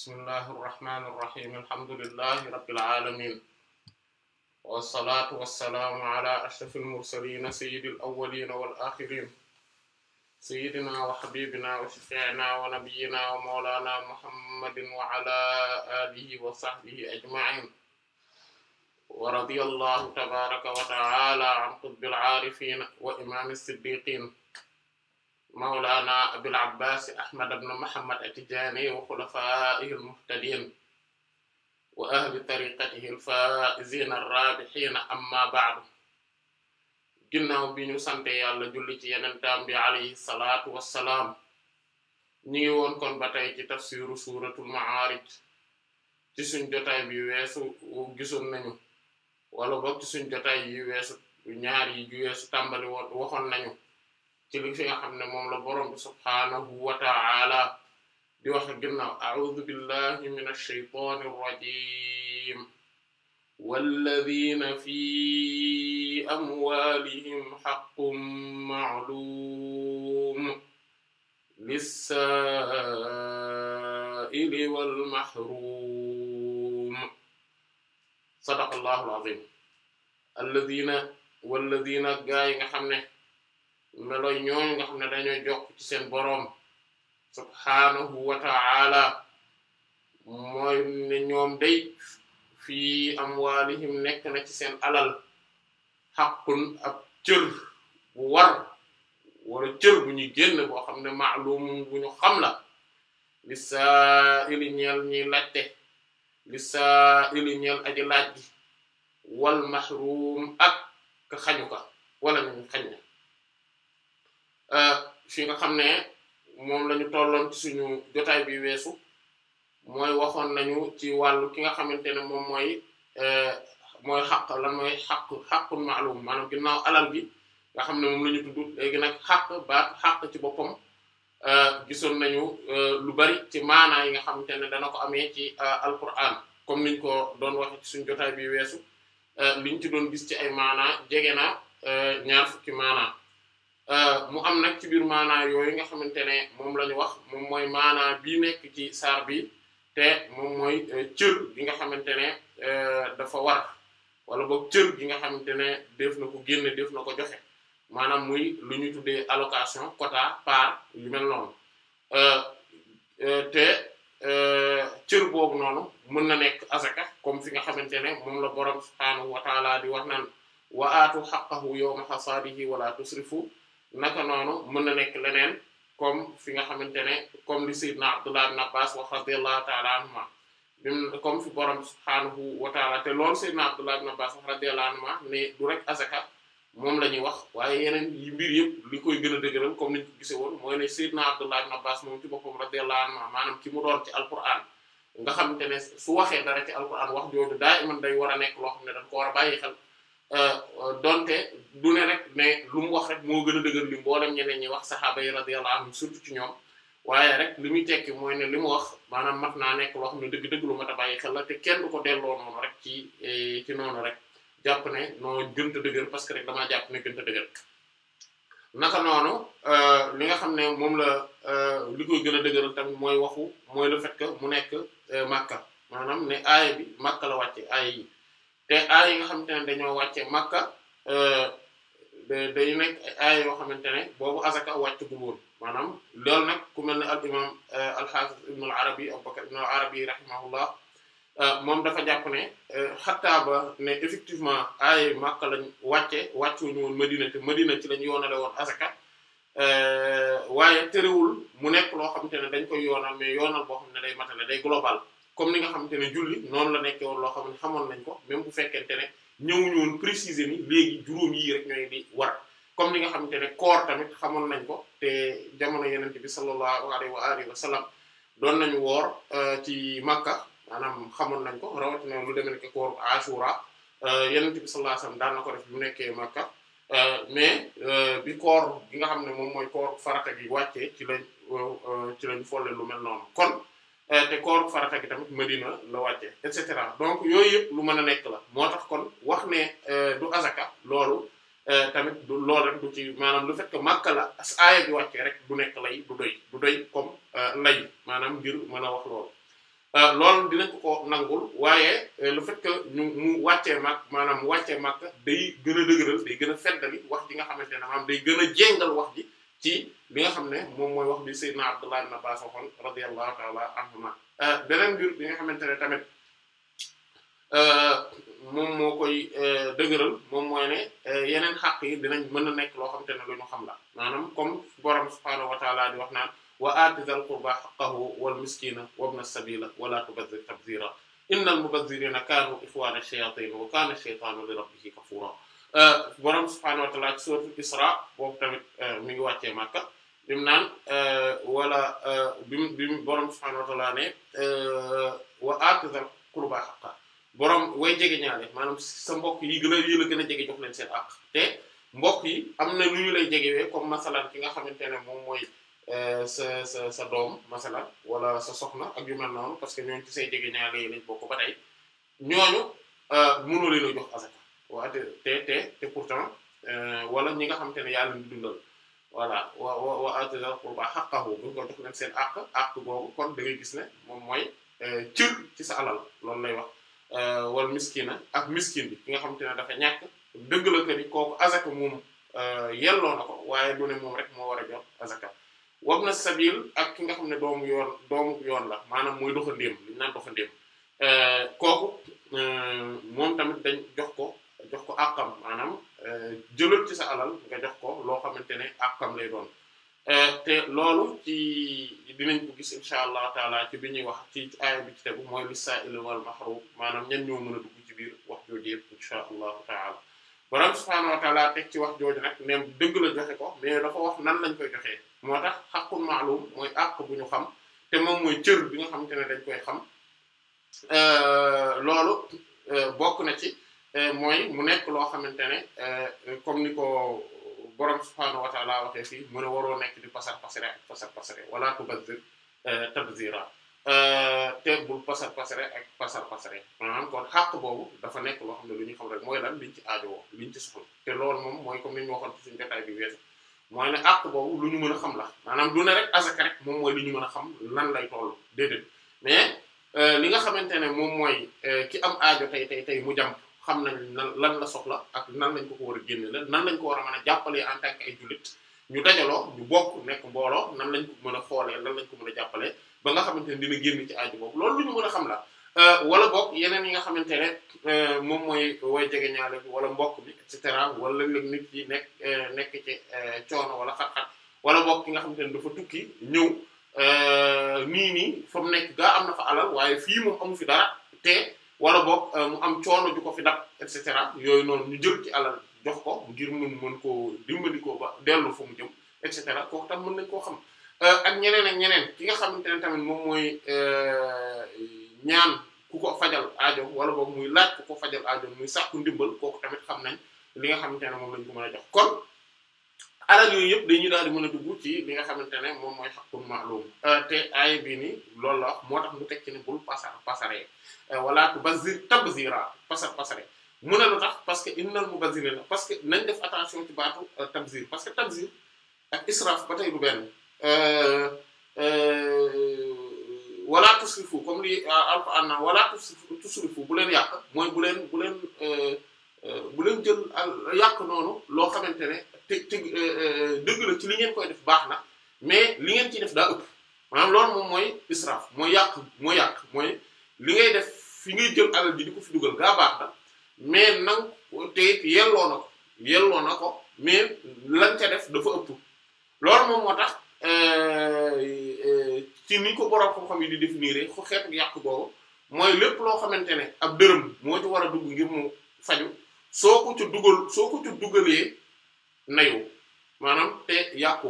bismillahi irrahmani irrahim alhamdulillahi rabbil alamin wassalatu wassalaamu ala ashraf almursalina sayidi al awalina wal axirin sayidina wa xabibina wa shafiina wa nabiyina wa mawlana muhammadin wa ala alihi wa sahbihi ajmain wa radiya allahu tabaraka wa taala an qutbil aarifina wa imam as-siddiqin mawlaana abil abbaasi ahmad ibn muhammad at wa xulafaa'ihi al wa ahli tariqatihi al-faa'iziina ar amma ba'du ginnaaw bi ñu sante yàlla julli ci yenentaan bi alayhi salaatu wassalaam ñu ngi woon kon ba ci tafsiru suuratul ma'aarij ci suñ jotaay bi weesu gisoon nañu wala bokk ci suñ jotaay yi weesu ñaar yi weesu tàmbali woon waxoon nañu ci li fi nga xam ne moom la borom bi subhaanahu wa ta'ala di wax ginnaaw a'uudu billahi minash shaytaanir rajiim walladhiina fii amwaalihim haqqun ma'luum lis-saa'ili wal mahruum sadaqallahul aziim alladhiina walladhiina gaa yi nga xam ne meloy ñooñu nga xam ne dañoo jokk ci seen boroom subhaanahu wa ta'ala mooy ne ñoom day fii amwaalihim nekk na ci seen alal xaqun ab cër bu war wala cër bu ñu génn boo xam ne ma'lum bu ñu xam la li saa'ili laajte li saa'ili ñeel laaj gi wal mahrum ak ka ka wala ñu xañ na Euh, fi nga xam ne moom la ñu tolloon ci suñu jotaay bi weesu mooy waxoon nañu ci wàllu ki nga xamante ne moom mooy euh, mooy xaq lan mooy xaq xaqul maalum maanaam ginnaaw alal bi nga xam ne moom la ñu léegi nag xaq ba xaq ci boppam euh, gisoon nañu lu bari ci maanaa yi nga xamante ne dana ko amee ci alquran comme niñ ko doon waxe ci suñu jotaay bi weesu liñ ci doon gis ci ay maanaa jege na ñaar fukki maanaa Euh, mu am nag ci biir maanaa yooyu nga xamante ne moom la ñu wax moom mooy maanaa bii nekk ci saar bi te moom mooy euh, cër gi nga xamante ne euh, dafa war wala boog cër gi nga xamante ne def na ko génne def na ko joxe maanaam muy lu ñu tuddee allocation quota part yu mel noonu te cër boobu noonu mën na nekk azaka comme fi nga xamante ne moom la borom subhaanahu wa di wax naan wa aatu xa yawma hasaadihi wala tusrifu naka noonu mën na nekk leneen comme fi nga xamante ne comme li sayyidna Abdullah ibn Abbas wa radiyallahu ta'ala a bim comme fi borom subhaanahu wa ta'ala te loolu sayyidna Abdullah ibn Abbas wa radiyallahu anhuma ne du rek azaka moom la ñuy wax waaye yeneen yi mbir yëpp li koy gën a dëgëral comme niñ ko gise woon mooy ne sayyidna Abdullah ibn Abbas moom ci boppam radiyallahu anhuma maanaam ki mu doon ci alquran nga xamante ne su waxee dara ci alquran wax jooju daa iman day war a nekk loo xam ne dañ ko war a bàyyi xel Euh, euh, donte du ne rek ne lu mu wax rek moo gën a dëgër li mboolem ñeneen ñi wax saxaaba yi radiyallahu anhum surtout ci ñoom waaye rek li muy tekki mooy ne li mu wax maanaam mat naa nekk wax xam dëgg-dëgg lu a bàyyi xel la te kenn du ko delloo noonu rek ci eh, ci noonu rek jàpp ne noo gënta dëgër parce que rek damaa jàpp ne gënta dëgër naka noonu euh, li nga xam ne moom la li koy gën a dëgëral tamit mooy waxu mooy le fait mu nekk Makka maanaam ne aaya bi Makka la wàcce aaya yi te aay yi nga xamante ne dañoo wàcce makka euh, euh, day nekk aay yoo xamante ne boobu azaka wàcc gu woon maanaam loolu nag ku mel ne al imam euh, alxaafis ibn al arabi abubakar ibn rahimahullah moom dafa jàpp ne xattaa ba ne effectivement aay makka lañ wàcce wàccu ñu woon madina te madina ci lañ yoonale woon azaka waaye terewul mu nekk loo xamante ne dañ koy yoonal mais yoonal boo xam ne day matale day global comme ni nga xamante ne julli noonu la nekkee woon loo xam ne xamoon nañ ko même bu fekkente ne ñëwuñu woon préciser ni léegi juróom yii rek ñooy di war comme ni nga xamante ne koor tamit xamoon nañ ko te jamono yenente bi sallallahu alayhi wa alihi wa doon nañu woor euh, ci Makka maanaam xamoon nañ ko rawatina lu demee nekk koor Ashura euh, yenente bi sallallahu alayhi wa sallam daan na ko def bu nekkee Makka euh, mais bi koor gi nga xam ne moom mooy koor farata gi wàccee ci lañ ci lañ folle lu mel noonu kon Eh, te koor farata gi tamit Medina la wàcce et cetera donc yooyu yëpp lu mën a nekk la moo tax kon wax ne eh, du azaka loolu eh, tamit du loolu rek du ci maanaam lu fekk Makka la as aaya bi wàcce rek du nekk lay du doy du doy comme lay maanaam ngir mën a wax loolu loolu dinañ ko nangul waaye lu fekk ñu mu wàccee mag maanaam mu wàccee Makka day gën a dëgëral day gën a feddali wax ji nga xamante ne maanaam day gën a jéngal wax ji ci li nga xam ne moom mooy wax bi Seydina Abdullah ibn Abbas waxoon radiyallahu ta'ala anhuma euh, beneen mbir bi nga xamante ne tamit euh, moom moo koy euh, dëgëral moom mooy ne yeneen xàq yi dinañ mën a nekk loo xamante ne lu ñu xam la maanaam comme borom subhaanahu wa ta'ala di wax naan wa aati dhal qurba haqqahu wal miskina wabna sabila wala tubadhir tabdhira innal mubadhirina kanu ikhwana ash-shayatin wa kana ash-shaytanu li rabbihi kafura Euh, borom subhaanahu wa ta'aala ci suuratul Isra boobu tamit euh, mi ngi wàccee Makka bi naan euh, wala bi mu bi mu borom subhaanahu wa ta'aala ne wa aati zal qurbaa haqqah borom way jege ñaale maanaam sa mbokk yi gën a yi la gën a jege jox leen seen àq te mbokk yi am na lu ñu lay jegewee comme masalan ki nga xamante ne moom mooy. sa sa sa doom masala wala sa soxna ak yu mel noonu parce que ñooñu ci say jege ñaareel lañ bokk ba tey ñooñu mënoo leen jox asaka waa te te pourtant euh, wala ñi nga xamante ne yàlla ñu dundal voilà wa wa wa aatizal qurba haqqahu bu ko jox leen seen àq àq boobu kon da gis ne moom mooy euh, cër ci sa alal loolu lay wax euh, wal miskina ak miskin bi ki nga xamante ne dafa ñàkk dëgg la que ni kooku azaka moom yelloo na ko waaye du ne moom rek moo war a jox azaka na sabil ak ki nga xam ne doomu yoon doomu yoon la maanaam mooy doxandéem li ñu naan doxandéem kooku moom tamit dañ jox ko. jox ko àqam maanaam euh, jëlal ci sa alal nga jox ko loo xamante ne àqam lay doon euh, te loolu ci dinañ ko gis incha allah taala ci bi ñuy wax ci aaya bi ci tegu maanaam ñen ñoo mën a dugg ci biir wax jooju yëpp incha allah taala borom subhaanahu wa taala ci wax jooju nag ne dëgg la joxe ko mais dafa wax nan lañ koy joxee moo tax xaqul ma'lum mooy àq bu ñu xam te moom mooy cër bi nga xamante ne dañ koy xam euh, loolu bokk na ci. Euh, mooy mu nekk loo xamante ne euh, comme ni ko borom subhaanahu wa taala waxee fii mu ne waroo nekk di pasar pasare ak pasar pasare wala tubazzir euh, tabzira te bul pasar pasare ak pasar pasare maanaam kon xàq boobu dafa nekk loo xam ne lu ñu xam rek mooy lan liñ ci aajowoo liñ ci soxla te loolu moom mooy comme ni ñu waxoon ci suñu lu ñu mën a xam la maanaam lu ne rek asaka rek moom mooy li ñu mën a xam lan lay tollu déedéet mais li nga xamante ne moom mooy ki am aajo tey tey tey mu jàmp xam na nan lan la soxla ak nan lañ ko ko war a génne la nan lañ ko war a mën a jàppalee en tant ay jullit ñu dajaloo ñu bokk nekk mbooloo nan lañ ko mën a xoolee nan lañ ko mën a jàppale ba nga xamante ne dina génn ci aaju boobu loolu lu ñu mën a xam la euh, wala boog yeneen yi nga xamante ne euh, moom mooy way jege ñaale wala mbokk bi et cetera wala léeg-léeg nit yi nekk euh, nekk ci coono wala xat wala boog ki nga xamante ne dafa tukki ñëw nii nii fa mu nekk gaa am na fa alal waaye fii moom amu fi dara te wala bo euh, mu am coono ju ko fi dab et cetera yooyu noonu ñu jël ci alal jox ko ngir mun mën ko dimbali ko ba dellu fa mu jëm et cetera kooku tam mën nañ koo xam euh, ak ñeneen ak ñeneen ki nga xamante ne tamit moom mooy euh, ñaan ku ko fajal aajo wala boog muy laaj ku ko fajal aajo muy sàkku ndimbal kooku tamit xam nañ li nga xamante ne moom lañ ko mën a jox kon. alal yooyu yëpp dañuy daal di mën a dugg ci li nga xamante ne moom mooy xaqul ma'lum euh, te aaya bi ni loolu la moo tax mu teg ci ne bul pasar pasare euh, wala tubazir tabzira pasar pasare mu ne lu tax parce que innal mubazzirina parce que nañ def attention ci baatu euh, tabzir parce que tabzir ak israf ba tey du benn wala tusrifu comme li alquran na wala tusrifu bu leen yàq mooy bu leen bu leen Euh, bu leen jël yàq noonu loo xamante ne te te euh, euh, dëgg la ci li ngeen koy def baax na mais li ngeen ci def daa ëpp maanaam loolu moom mooy israaf mooy yàq mooy yàq mooy li ngay def fi ngay jël alal ji di ko fi dugal gaa baax na mais nang te na ko yelloo na ko mais lan ca def dafa ëpp loolu moom moo tax ci ni ko borom xam-xam yi di définir ko xeetu yàq boobu mooy lépp loo xamante ne ab dërëm moo ci war a dugg ngir mu faju soo ko dugal soo ko ci dugalee nayu maanaam te yàqu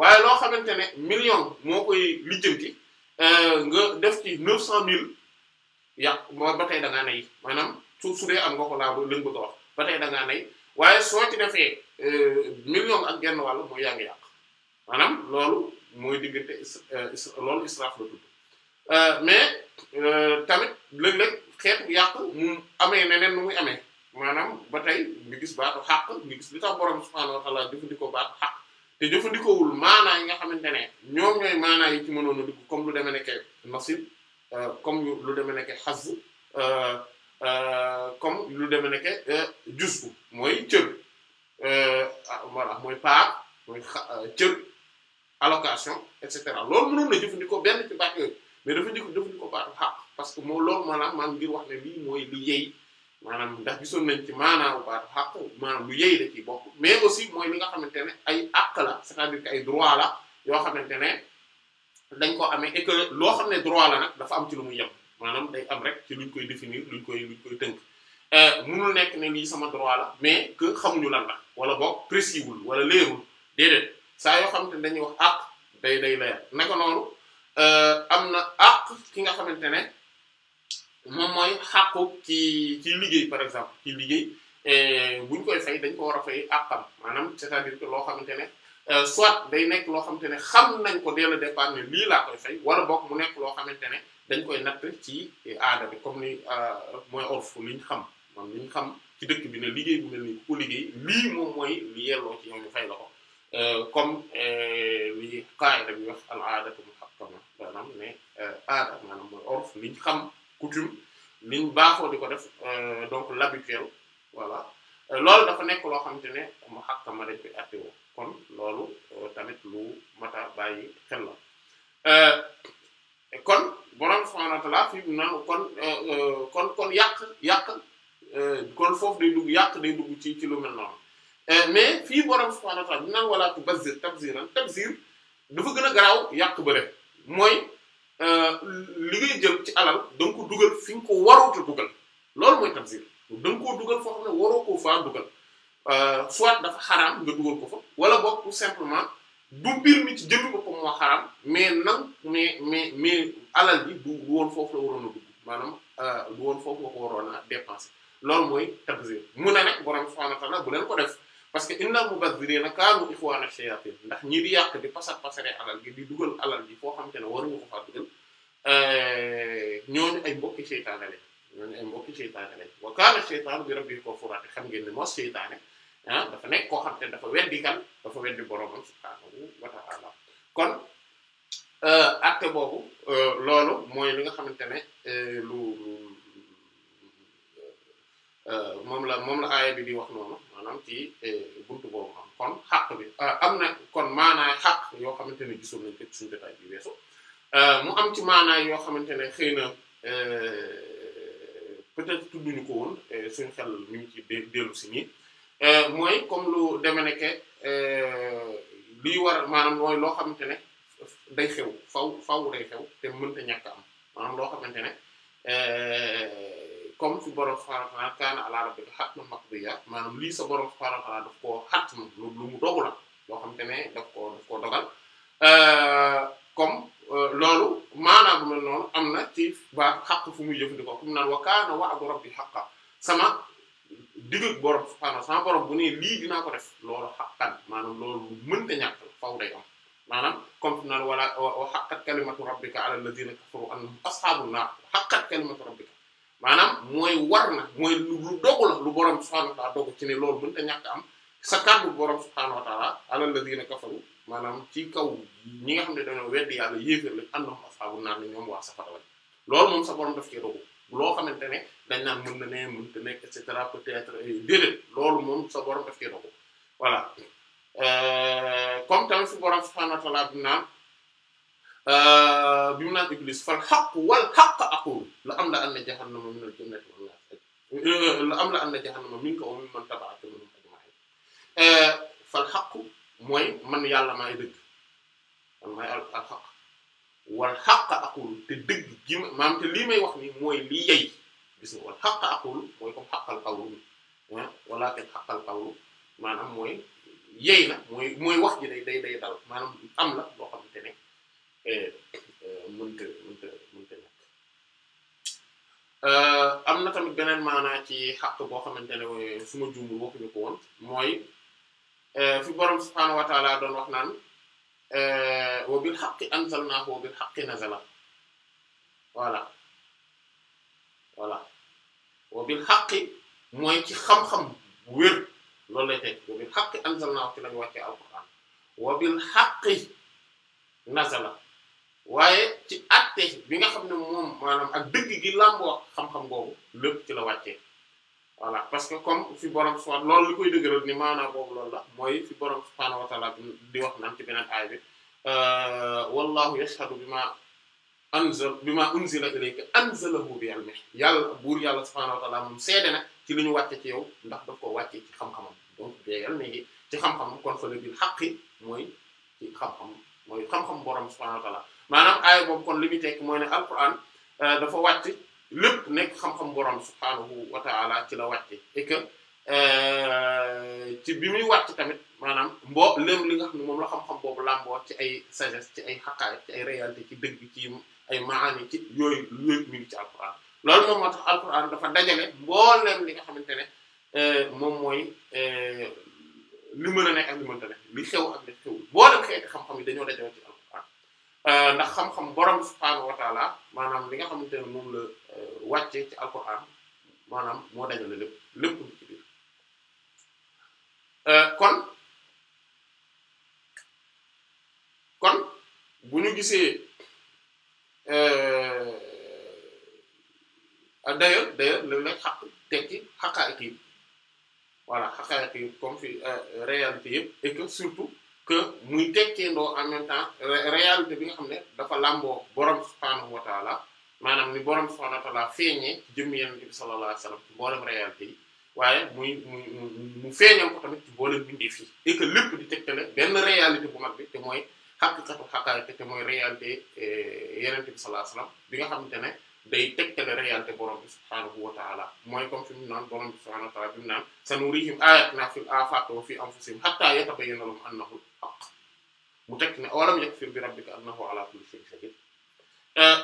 waaye loo xamante ne million moo koy lijjanti euh, nga def ci neuf cent mille yàqu ba tey da ngaa nay maanaam su su dee am nga ko laa ba lëñ bëgg ba tey da nay waaye soo ci defee euh, million ak genn wàll mooy yaa ngi yàq maanaam loolu mooy diggante is euh, loolu israaf la tudd mais tamit léeg-léeg xeetu yàq mu amee neneen nu muy amee maanaam ba tey nga gis baatu xàq nga gis li tax borom subhaanahu wa ta'aala jëfandikoo baatu xàq te jëfandikoowul maanaa nga xamante ne ñoom ñooy yi ci mënoon a comme lu deme nekke nasib euh, euh, euh, comme lu deme nekke xazz lu deme jusku mooy cër ah, voilà mooy part cër allocation et cetera loolu mënoon na jëfandikoo benn ci baat yooyu mais dafa jëfandikoo baatu xàq parce que moo loolu maanaam maam ngir wax ne lii mooy li yey maanaam ndax gisoon nañ ci maanaamu baatu xaq maanaam lu yey da ciy bokk mais aussi mooy li nga xamante ne ay àq la c'est-à-dire que ay droit la yoo xamante ne dañ ko amee et loo xam ne droit la nag dafa am ci lu muy yem maanaam day am rek ci luñ koy définir luñ koy luñ koy tënk euh, mënul nekk ne lii sama droit mais que xamuñu lan la wala boog précis wul wala leerul déedéet saa yoo xamante ne dañuy wax day day leer naka noonu euh, am na àq ki nga xamante ne moom mooy xàqu ci ci liggéey par exemple ci liggéey eh, buñ koy fay dañ ko war a fay àqam maanaam c'est-à-dire que loo xamante ne euh, soit day nekk loo xamante ne xam nañ ko dès le départ ne lii laa koy fay war bokk mu nekk loo xamante ne dañ koy natt ci aada bi comme ni euh, mooy orf liñ xam moom liñ xam ci dëkk bi ne liggéey bu mel ni liggéey lii moom mooy li yelloo ci yow ñu fay la ko euh, comme li qaida bi wax al aadatu muhakkama maanaam ne aada maanaam mooy orf liñ xam coutume liñ baaxoo di ko def euh, donc l'habituel voilà euh, loolu dafa nekk loo xamante ne mu ma dañ koy attéwo kon loolu euh, tamit lu mata bàyyi xel la kon borom subhanahu wa ta'ala fi kon kon kon yàq yàq kon foofu day dugg yàq day dugg ci ci lu mel noonu mais fii borom subhanahu wa ta'ala bi naan wala tubzir tabziran tabzir dafa gën a garaaw yàq ba rek mooy Euh, li ngay jël ci alal da ko dugal fi nga ko waruta dugal loolu mooy tamsiir da nga koo dugal foofu xam ne waroo koo faa dugal euh, soit dafa xaraam nga dugal ko fa wala boog tout simplement du mbir mi ci jënd ko ko moo xaraam mais nag mais mais mais alal bi du woon foofu la waroon a dugg maanaam euh, du woon foofu la ko waroon a dépenser loolu mooy tabzir mu ne nag borom subhaanahu wa ta'aala bu leen ko def parce que innal mubazzirina kaanu ikhwana shayatin ndax ñi di yàq di pasar pasare alal gi di dugal alal gi foo xam te ne waruñu ko faa dugal eh, ñooñu ay mbokki seytaane ñooñu ay mbokki seytaane lañ wa kaana shaytaanu bi rabbihi kafuuraa xam ngeen ne mos seytaane ah, dafa nekk koo xam te ne dafa weddi kan dafa weddi boromam subhaanahu wa ta'aala kon eh, acte boobu eh, loolu mooy li nga xamante ne lu Euh, moom la moom la aaya bi di wax noonu maanaam ci euh, buntu boobu am kon xàq bi euh, am na kon maanaay xàq yoo xamante ne gisoon nañ ko suñu jotaay bi weesu mu am ci maanaay yoo xamante ne xëy na peut-être tudduñu ko woon suñu xel mi ngi ci dellu si nii mooy comme lu deme ne que liy war maanaam mooy loo xamante ne day xew faw faw day xew te mënta ñàkk am maanaam loo xamante ne. comme fi borom subhaanahu wa kaana alaa rabbika hatman maqdiyya maanaam lii sa borom subhaanahu wa ta'aala daf koo xàttu lu la loo xam te ne daf dogal euh, comme euh, loolu maanaam mel noonu am na ci baa xaq fu muy jëfandikoo fu mu naan wa kaana wa'du rabbi haqqan sama digg borom subhaanahu sama borom bu ne lii dinaa ko def loolu haqqan maanaam loolu mënta ñàkk la faaw day am. maanaam comme fi naan wala wa haqqat kalimatu rabbika ala alladhina kafaru annahum ashabun nar haqqat kalimatu rabbika maanaam mooy war na mooy lu dogu la lu borom subhaanahu wa ta'aala dogu ci ne loolu mënut a ñàkk am sa kàddu borom subhaanahu wa ta'aala alal lazina kafaru maanaam ci kaw ñi nga xam ne dañoo weddi yàlla yéefér lañ annahum ashaabun naar ne ñoom waa safara lañ loolu moom sa borom daf cee dogu loo xamante ne dañ naan mën cetera peut-être loolu moom sa borom daf cee dogu voilà euh, comme tamit su borom subhaanahu wa ta'aala naan bi mu naan iblis fal xaq wal xaq aqulu la am la anna jahannama min al jannati wan naar la am la anna jahannama min ka wa mimman tabi'aka minhum ajma'in fal xaq mooy man yàlla maay dëgg man maay al xaq wal xaq aqulu te dëgg gi ma maam te lii may wax nii mooy lii yey gis nga wal xaq aqulu mooy comme xaqal qawlu ah walakin xaqal qawlu maanaam mooy yey na mooy mooy wax ji day day day dal maanaam am la loo xam Eh, eh, mënta eh, am na tamit beneen maanaa ci xàq boo xamante ne su ma juumul waxuñu ko woon mooy fi borom subhaanahu wa taala doon wax naan wa bil haqqi anzalnaahu wa bil haqqi nazala voilà wa bil haqqi mooy ci xam-xam wér loolu lay teg wa bil haqqi anzalnaahu ci lañu wàcce alquran wa bil haqqi nazala waaye ci àtte bi nga xam ne moom maanaam ak dëgg gi làmboo xam-xam boobu lépp ci la wàccee voilà parce que comme fi borom subhaanahu lool li koy dëgëral ni maanaam boobu loolu la mooy fi borom subhaanahu wa bi di wax naan ci beneen aay bi euh, wallahu yashhadu bima anzal bima unzila ilayka anzalahu bi ilmihi yàlla buur yàlla subhaanahu wa ta'aala moom na ci li ñu wàcce ci yow ndax daf ko wàcce ci xam-xamam donc beegal na ci xam mooy ci xam-xam mooy xam-xam borom subhaanahu wa maanaam aaya moom kon li muy tekki mooy ne alquran euh, dafa wàcc lépp nekk xam-xam borom subhaanahu wa taala ci la wàcce et que euh, ci bi muy wàcc tamit maanaam mboo léem li nga xam ne moom la xam-xam boobu làmboo ci ay sagesse ci ay xaqaay ci ay ci dëgg ci ay maani ci yooyu yooyu mi ci alquran loolu moom moo tax alquran dafa dajale li nga xamante ne euh, moom mooy li mën a ak li mënta nekk li xew boo dem xeeti xam-xam yi dañoo dajale ci Euh, ndax xam-xam borom subhaanahu wa taala maanaam li nga xamante ne moom la euh, wàcce ci alquran maanaam moo dajale lépp lépp lu euh, kon kon bu ñu gisee d'ailleurs d'ailleurs léeg-léeg xaq tekki xaqaa'iq yi voilà xaqaa'iq yi comme fi réalité yëpp surtout que muy tekkeendoo en même temps réalité bi nga xam ne dafa làmboo borom subhaanahu wa taala maanaam ni borom subhaanahu wa taala feeñee ci jëmm Yonent bi sallallahu alayhi wasallam ci réalité yi waaye muy mu mu feeñal ko tamit ci mboolem bindeef yi et que lépp di tegtale benn réalité bu mag bi te mooy xaqiqatu xaqaayiq te mooy réalité eh, Yonent bi sallallahu alayhi wasallam bi nga xamante ne. day tegtale réalité borom bi subhaanahu taala mooy comme fi mu naan borom bi subhaanahu wa taala bi mu naan sanurihim ayatina fil afaaqi wa fi anfusihim hatta yatabayyana lahum annahu al-haqq mu teg ne awalam yakfir bi rabbika annahu ala kulli shay'in qadir euh,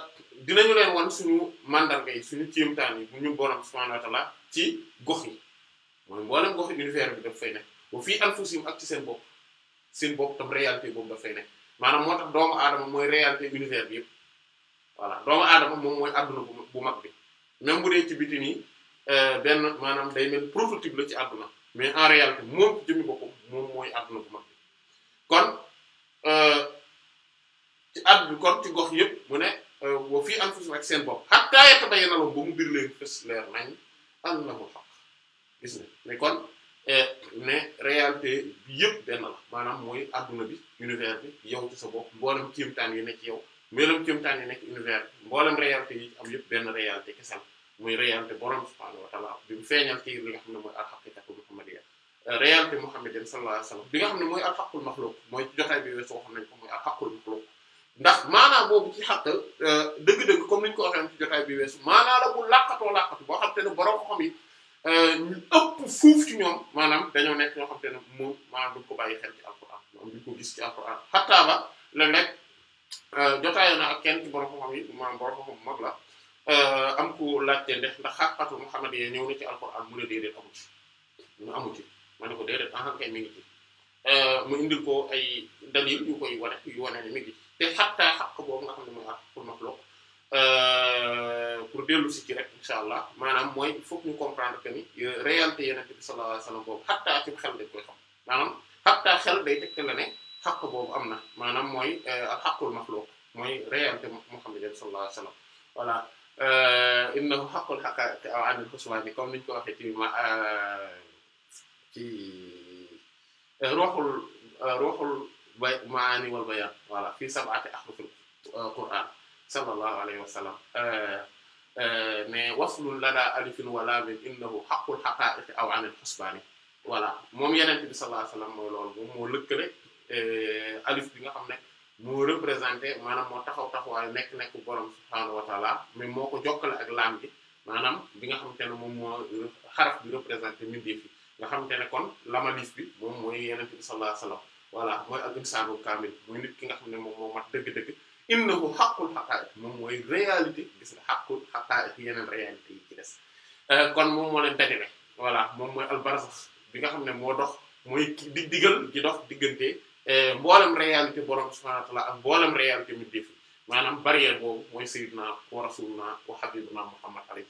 dinañu leen wan suñu mandarga yi suñu kéemtaan yi ñu borom subhaanahu wa ci gox yi mooy mboolem gox univers bi daf fay nekk ba fii anfusihim ak seen bopp seen bopp tam réalité boobu daf fay nekk maanaam moo tax doomu aadama mooy réalité univers bi yëpp voilà doomu aadama moom mooy adduna bu bu mag bi même bu dee ci biti nii euh, benn maanaam day mel prototype ci adduna mais en réalité moom ci jëmmi boppam moom mooy adduna bu mag bi kon at euh, bi kon mu ne euh, fii anfusikum seen bopp hatta yatabayyana lahum ba na mais kon mais réalité bi yëpp benn la maanaam mooy adduna bi univers bi yow ci sa bopp mboolem kéemtaan yi ne ci yow mbelam kéemtaan yi nekk univers mboolem réalité yi am yëpp benn réalité kese la muy réalité borom subhaanahu wa ta'ala bi mu feeñal ci li nga xam ne mooy al-haqiqatu muhammadiyya réalité muhammadiyya sallallahu alayhi bi nga xam ne mooy al-haqqul maxluq mooy ci nañ ko mooy al-haqqul ndax maanaa boobu ci xàq euh, dëgg-dëgg comme niñ ko waxee ci jotaay bi weesu maanaa la bu làkkatoo làkkatu boo xam te ne borom xam yi euh, ñu ëpp fuuf ci ñoom maanaam dañoo nekk ñoo xam te ne moom maanaam duñ ko bàyyi xel ci alquran maanaam duñ ko gis Euh, jotaayoo na ak kenn ci borom xam yi maanaam borom xam-xam mag la euh, am ko laajte ndax ndax xaqatu Muhammad yi ñëw na ci alquran mu ne déedéet amu mu amu ci ma ne ko déedéet ah, en euh, mu indil ko ay dalil mi ngi te xatta xaq boobu nga xam ne mooy xaq pour maxluq pour dellu si ci rek incha allah maanaam mooy il faut ñu comprendre que ni réalité yeneen bi sallallahu alayhi wasallam boobu xatta ci xel dañ koy xam maanaam xatta xel day tegte la ne xaq boobu am na maanaam mooy euh, ak xaqul maxluq mooy réalité Muhammad sallallahu alayhi wa sallam voilà euh, innahu xaqul xaqaati aw anil xuswaani comme niñu ko waxee ci ma euh, ci ruuxul ruuxul bay maani wal bayaan voilà fii sab'ati ahrufil qur'an sallallahu alayhi wa sallam ne waslun lada alifin wala min innahu xaqul xaqaa'iqi aw anil xusbaani voilà moom yeneen bi sallallahu alayhi wa sallam mooy loolu moom moo lëkkale Euh, alif bi nga xam ne mu représenté maanaam moo taxaw taxawaay nekk nekk borom subhaanahu wa taala moo ko jokkale ak laam bi maanaam bi nga xamante ne moom moo xaraf bi représenté mindeef yi nga ne kon lamalif bi moom mooy yenente bi sallallahu alayhi wasallam voilà mooy ak ki nga xam ne moo mat dëgg-dëgg innahu xaqul xaqaa'iq moom mooy réalité gis nga xaqul xaqaa'iq yeneen réalité yi ci des euh, kon moom moo leen dajale voilà moom mooy albarzax bi nga xam ne moo dox mooy dig digal di dox diggante Eh, mboolem réalité borom subhanahu wa ta'ala ak mboolem réalité mi def maanaam barrière boobu mooy sayyidina wa rasuluna wa habibuna muhammad alayhi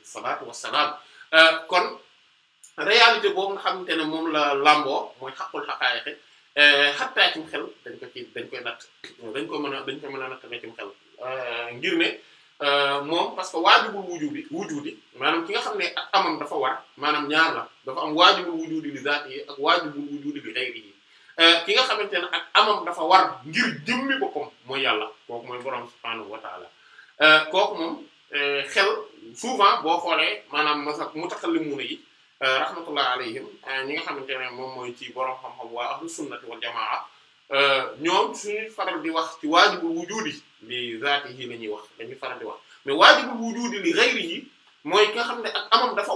eh, ne moom la lamboo mooy xaqul xaqaayiqi eh, xattaa cim xel dañ ko ci dañ koy natt dañ ko mën a dañ mën a natt ne cim xel ngir ne moom parce que waajibul wujudi wujudi maanaam ki nga xam ne ak amam dafa war maanaam ñaar la dafa am waajibul wujudi li zaati yi ak waajibul wujudi li ghayri Euh, ki nga xamante ne ak amam dafa war ngir jëmmi boppam mooy yàlla kooku mooy borom subhaanahu wa taala euh, kooku moom euh, xel souvent boo xoolee maanaam masak mutakallimuuna yi rahmatullah alayhim ñi nga xamante ne moom mooy ci borom xam-xam waa ahlu sunnati wal jamaa ñoom suñuy faral di wax ci waajibul wujudi li zaatihi la ñuy wax dañuy faral di wax mais waajibul wujudi li ghayrihi mooy ki xam ne ak amam dafa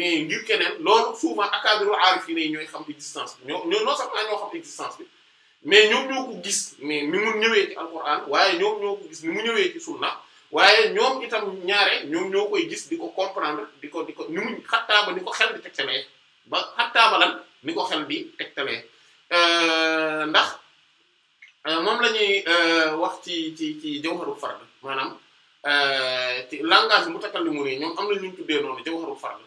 mais ngir keneen loolu souvent akaabiru aarifiin yi ñooy xam existence bi ñoo ñoo non seulement ñoo mais ñoom ñoo ko gis mais ni mu ñëwee ci alquran waaye ñoom ñoo ko ni mu ñëwee ci sunna waaye ñoom itam ñaare ñoom ñoo koy gis di ko comprendre di ko di ko ni mu xattaa ba ni ko xel di tegtalee ba xattaa ba lan ni ko xel euh, ndax euh, moom lañuy ñuy euh, wax ci ci ci jawharul fard maanaam ci langage mutakallimun ñoom am na ñu tuddee noonu jawharul fard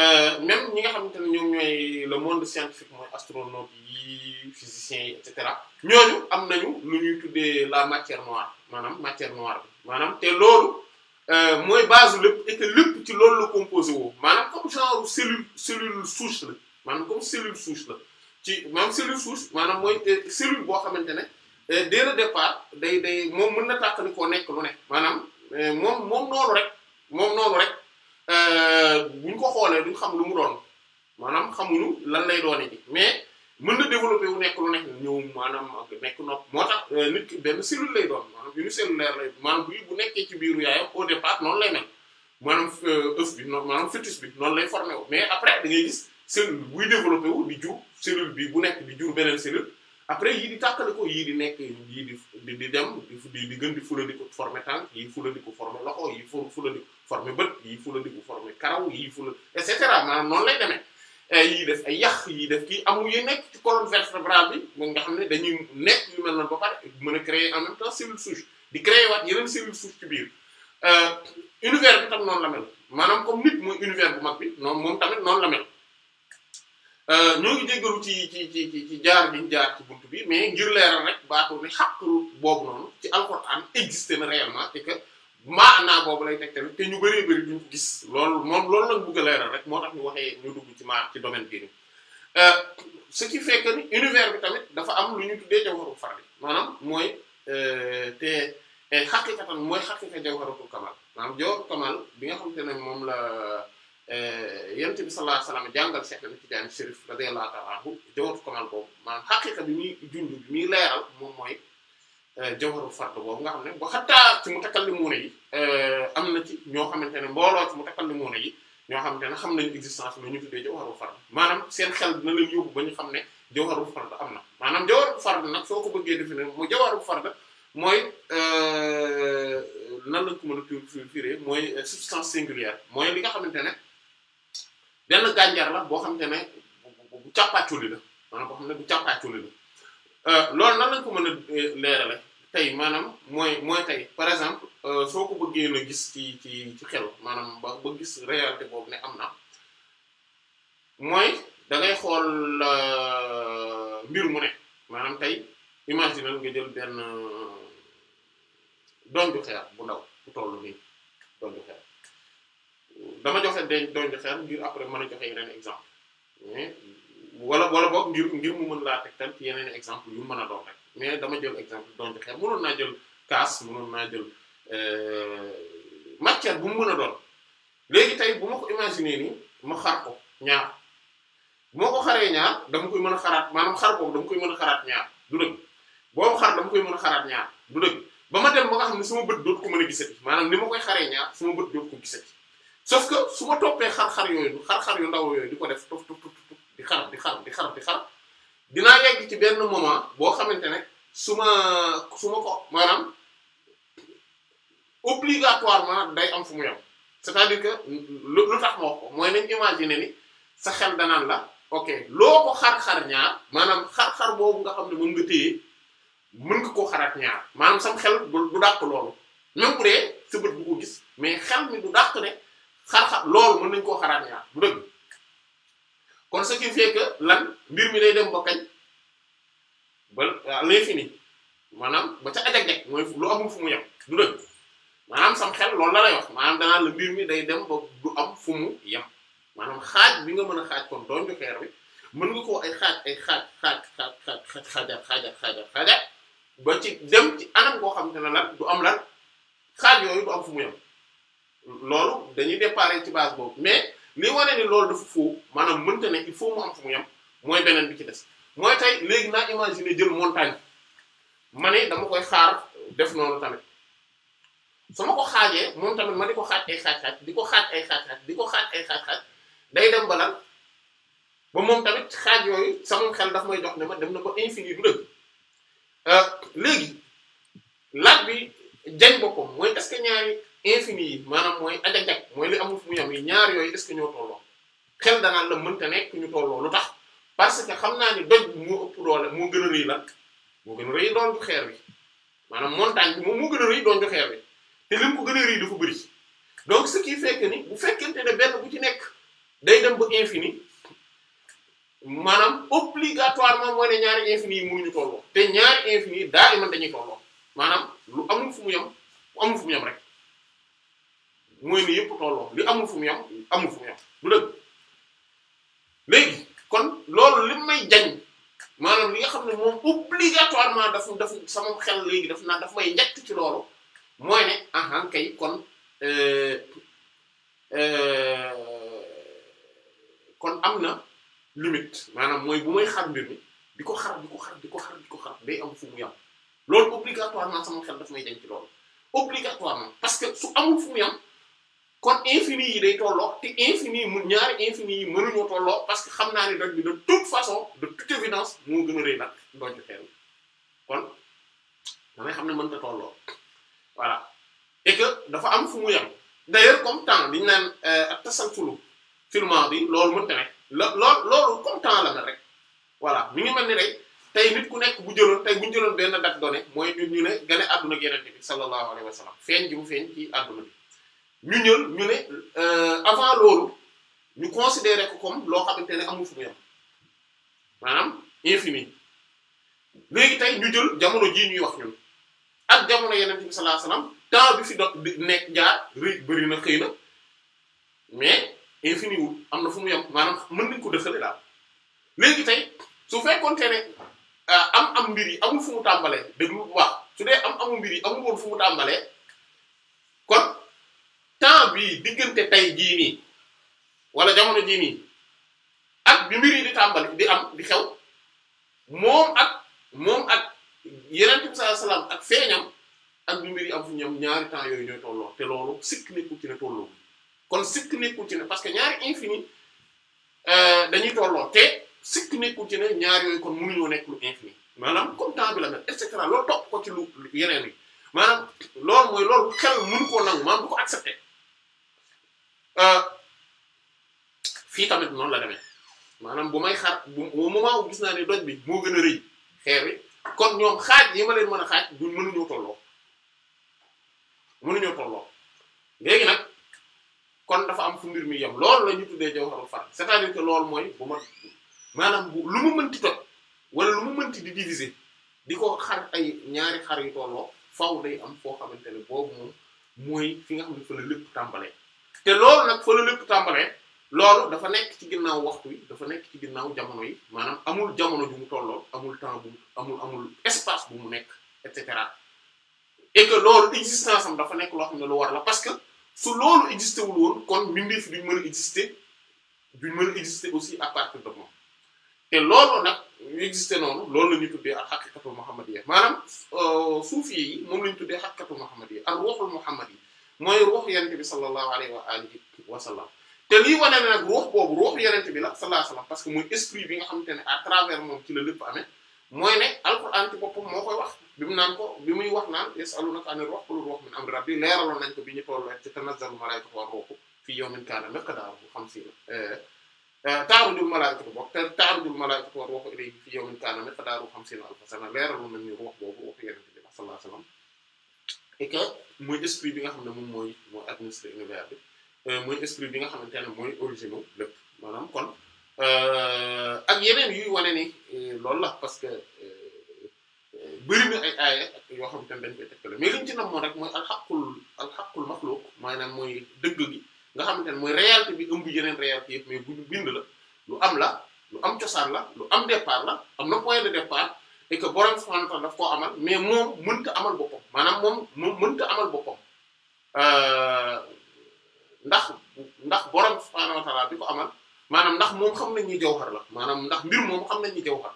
Euh, même ñi nga xamante ne ñoom ñooy le monde scientifique mooy astronautes yi physiciens yi et cetera ñooñu am nañu lu ñuy tuddee la matière noire maanaam matière noire bi maanaam te loolu euh, mooy base lépp et lépp ci loolu la composé woo maanaam comme genre cellule cellule souche la maanaam comme cellule souche la ci maanaam cellule souche maanaam mooy euh, cellule boo xamante ne dès le départ day day moom mën na tàq ni ko nekk lu nekk maanaam moom moom noonu rek moom noonu rek. Euh, ñu ko xoolee duñ xam lu mu doon maanaam xamuñu lan lay doone ci mais mën na développé wu nekk lu nekk ñëw maanaam ak nekk nopp moo tax euh, nit ki benn cellule lay doon maanaam unicellulaire lay maanaam bu bu nekkee ci biiru yaayam au départ noonu lay mel maanaam euh, œuf bi noonu bi noonu lay formé mais après da ngay gis cellule buy développé di jur cellule bi bu nekk di jur beneen cellule après yii di tàkkale yii di nekk yii di di dem di di gën di fula di ko formé yii fula di ko formé loxo yii fula di forme bët yii fulandiku forme karaw yii fula et cetera maanaam noonu lay demee eh, yii def a yàq yii def kii amul yu nekk ci colonne vertébrale bi moom nga xam ne dañuy nekk yu mel noonu ba pare mën a créer am même temps cellule souche di créer waat yeneen cellule souche ci biir eh, univers bi tam noonu la mel maanaam comme nit mooy univers bu mag bi noonu moom tamit noonu la mel eh, ñoo ngi jéggalu ci ci ci ci jaar biñ jaar ci bunt bi mais ngir leeral rek baatu ne xàq boobu noonu ci alxuraan existé na réellement et que maa naa boobu lay teg tamit te ñu bëree bëri duñ gis loolu moom loolu lañ bëgg a leeral rek moo tax ñu waxee ñu dugg ci maa ci domaine bii nii euh, ce qui fait que bi tamit dafa am lu ñu tuddee jawharu fardi maanaam mooy euh, te xaqiqatan mooy xaqiqa jawharu kamal maanaam bi nga xamante ne moom la euh, yonent bi sallallahu salaam wasallam jàngal Cheikh na Tidiane Chérif radiyallahu ta'ala anhu jawharu kamal boobu maanaam xaqiqa bi muy junj bi muy leeral moom mooy. Euh, jawaru fard boobu nga xam ne ba xattaa ci mutakallimuuna yi euh, am na ci ñoo xamante ne mbooloo ci mutakallimuuna yi ñoo xamante ne xam nañu existence lu ñu tuddee jawharu maanaam seen xel dina leen yóbbu ba ñu xam ne jawharu fard am na maanaam jawharu fard nag soo ko bëggee définir mu jawharu fard mooy euh, nan lañ ko mën a fi firé mooy substance singulière mooy li nga xamante ne benn gànjar la boo xamante ne bu càppaaculi la maanaam boo xam ne bu càppaaculi la loolu nan lañ ko mën a leerale tey maanaam mooy mooy tey par exemple euh, soo ko bëggee na gis ci ci xew maanaam ba ba gis réalité boobu ne am na mooy dangay xool euh, mbir mu ne maanaam tey imaginer nga jël benn euh, donju xeer bu ndaw bu toll nii donju xeer dama joxe den donju xeer ngir après mën a joxe yeneen exemple wala wala boog ngir ngir mu mën laa tegtal ci yeneen exemple yu mën a doon mais dama jël exemple donc xeer mënoon naa jël kaas mënoon naa jël euh, matière bu mu mën a doon léegi tay bu ma ko imaginer nii ma xar ko ñaar bu ma ko xaree ñaar dama koy mën a xaraat maanaam xar boobu koy mën a xaraat ñaar du boo boobu xar dama koy mën a xaraat ñaar du dëgg ba ma dem ba nga xam ne sama bët dootu ko mën a gisati maanaam li ma koy xaree ñaar sama bët dootu ko gisati sauf que su ma toppee xar-xar yooyu xar-xar yu ndaw yooyu di ko def tof tof tof di xar di xar di xar dinaa yegg ci benn moment boo xamante ne su ma su ma ko maanaam obligatoirement day am fu mu yem c'est-à-dire que lu tax ma wax ko mooy nañ imaginer ni sa xel danaan la ok loo ko xar-xar ñaar maanaam xar-xar boobu nga xam ne mën nga téye mën nga koo xaraat ñaar maanaam sam xel du dàq loolu même bu dee sa bët bu ko gis mais xel mi du dàq ne xar-xar loolu mën nañ koo xaraat ñaar bu dëgg kon ce qui fait que lan mbir mi day dem ba kañ ba maanaam ba ca ajag-jag mooy lu amul fu mu yem du dëgg maanaam sam xel loolu la lay wax maanaam danaa la mbir mi day dem ba du am fu mu yem maanaam xaaj bi nga mën a xaaj kon doon ju xeer bi mën nga koo ay xaaj ay xaaj xaaj xaaj xaaj xaaj xaajaat ba ci dem ci anam koo xam te ne lan du am lan xaaj yooyu du am fu mu loolu dañuy déparé ci base boobu mais li wane ni loolu dafa foofu maanaam mënta ne il faut mu am fu mu yem mooy beneen bi ci des mooy tey léegi naa imaginer jël montagne ma ne dama koy xaar def noonu tamit sama ko xaajee moom tamit ma di ko xaaj ay xaaj xaaj ko xaaj ay xaaj xaaj ay xaaj day dem ba lan moom tamit xaaj yooyu sama xel daf may jox ne ma dem na ba infini du dëgg euh, laaj bi jañ boppam mooy est-ce ñaari infini yi maanaam mooy ajajag mooy li amul fu mu yi ñaar yooyu est-ce que ñoo tolloo xel danaan la mënta ñu tolloo lu tax parce que xam naa ni doj bi moo ëpp doole moo gën a rëy lan moo doon ju xeer bi maanaam montagne bi moom moo gën a doon ju xeer bi te lim ko gën dafa bëri donc ce qui fait ni bu fekkente ne benn bu ci nekk day dem ba infini maanaam obligatoirement mooy ne ñaari infini yi mënuñu tolloo te ñaari infini yi daa iman dañuy tolloo maanaam lu amul fu mu yem amul fu mu yem rek mooy ne yëpp tolloo li amul fu mu yam amul fu léegi kon loolu li may jañ maanaam li nga xam ne moom obligatoirement daf daf sama xel léegi daf naa daf may njett ci loolu mooy ne ahan kay kon euh, euh, kon am na limite maanaam mooy bu moy xar mbir mi di ko xar di ko xar di ko xar di ko am fu mu yam loolu obligatoirement sama xel daf may jañ ci loolu obligatoirement parce que su amul fu mu yam kon infini yi de tolloo te infini mu ñaari infini yi mënuñoo tolloo parce que xam naa ne doj bi de toute façon de toute évidence moo gën a rëy nag doju kon damay xam ne mënta tolloo voilà et que dafa am fu mu yem d'ailleurs comme temps diñu naan euh, ak tasalsulu filment bi loolu mënta ne la lool loolu comme la mel rek voilà mi ngi mel ni rek tey nit ku nekk bu jëloon tey bu ñu jëloon benn date donnée mooy ñun ñu ne gane àdduna ak yeneen bi sallallahu alayhi wa sallam feeñ ji mu feeñ ci ñu ñël ñu ne euh, avant loolu ñu considérer ko comme loo xamante ne amul fu mu yem maanaam infini léegi tey ñu jël jamono jii ñuy wax ñun ak jamono yeneen bi sallallahu alayhi wasallam bi fi dox nekk jaar rëy bëri na xëy na mais infini wul am na fu mu yem maanaam mën nañ ko dëxale daal léegi tey su fekkonte ne euh, am am mbir yi amul fu mu tàmbalee déglu bu baax su dee am amu mbir yi amul fu mu tàmbalee kon temps bii diggante tey jii nii wala jamono jii nii ak bi mbir yi di tàmbali di am di xew moom ak moom ak yeneen bi sallallahu alayhi wasallam ak feeñam ak bi mbir yi am fu ñam ñaari temps yooyu ñooy tolloo te loolu sikk nekkul ci ne tolloo kon sikk nekkul ci ne parce que ñaari infini euh, dañuy tolloo te sikk nekkul ci ne ñaar yooyu kon mënuñoo nekk lu infini maanaam comme temps bi la mel et cetera loolu topp ko ci lu yeneen yi maanaam loolu mooy loolu xel mënu koo nangu Euh, fii tamit noonu la demee maanaam bu may xar bu moment bu gis naa ne doj bi moo gën a rëy xeer bi kon ñoom xaaj yi ma leen mën a xaaj du mënuñoo tolloo mënuñoo tolloo léegi nag kon dafa am fu mbir mi yem loolu la ñu tuddee jawharul fard c'est-à-dire que loolu mooy bu ma maanaam lu mu mënti toj wala lu mu mënti di diviser di ko xar ay ñaari xar yu tolloo faw day am foo xamante ne boobu moom mooy fi nga xam ne fa tàmbalee te loolu nag fa la lépp tàmbalee loolu dafa nekk ci ginnaaw waxtu yi dafa nekk ci ginnaaw jamono yi maanaam amul jamono ju mu tollool amul temps bu amul amul espace bu mu nekk et cetera et que loolu existence am dafa nekk loo xam ne lu war la parce que su loolu existé wul woon kon mbindeef duñ mën a exister duñ mën a exister aussi à partir de moom te loolu nag ñu existé noonu loolu la ñuy tuddee ak xaqiqatul muhammadiyya maanaam euh, suufi yi moom la ñu tuddee xaqiqatul muhammadiyya ak ruuxul yi mooy ruux yenente bi sallallahu alayhi wa alihi wa sallam te lii wane ne nag ruux boobu ruux yenente bi la sallallahu alayhi wa sallam parce que mooy esprit bi nga xamante ne à travers moom ci la moo koy wax bi mu naan ko bi muy wax naan yasalunaka anir ruux qul ruux min nañ ko bi ñu tollu ci tanazzalu malaa'ikatu war ruuhu fii yawmin kaana miqdaaruhu xamsiina eh, eh, taarujul malaa'ikatu bokk te taarujul malaa'ikatu war ruuhu ilayhi fii yawmin et que muy esprit bi nga xam ne moom mooy mooy administrer univers bi euh, muy esprit bi nga xamante ne mooy original lépp maanaam kon euh, ak yeneen yuy wane ni euh, loolu la parce que bëri na ay aaya ak yoo xamante ne dañ koy tekkale mais liñ ci nam moon rek mooy alxaqul alxaqul maxluq maanaam mooy dëgg gi nga xamante ne mooy réalité bi ëmb yeneen réalité yëpp mais bu ñu bind la lu am la lu am cosaan la lu am départ la am na point de départ et que borom subhanahu wa ta'ala daf koo amal mais moom mënta amal boppam maanaam moom moom mënta amal boppam euh, ndax ndax borom subhanahu wa ta'ala ko amal maanaam ndax moom xam nañ ni jawhar la maanaam ndax mbir moom xam nañ ni jawhar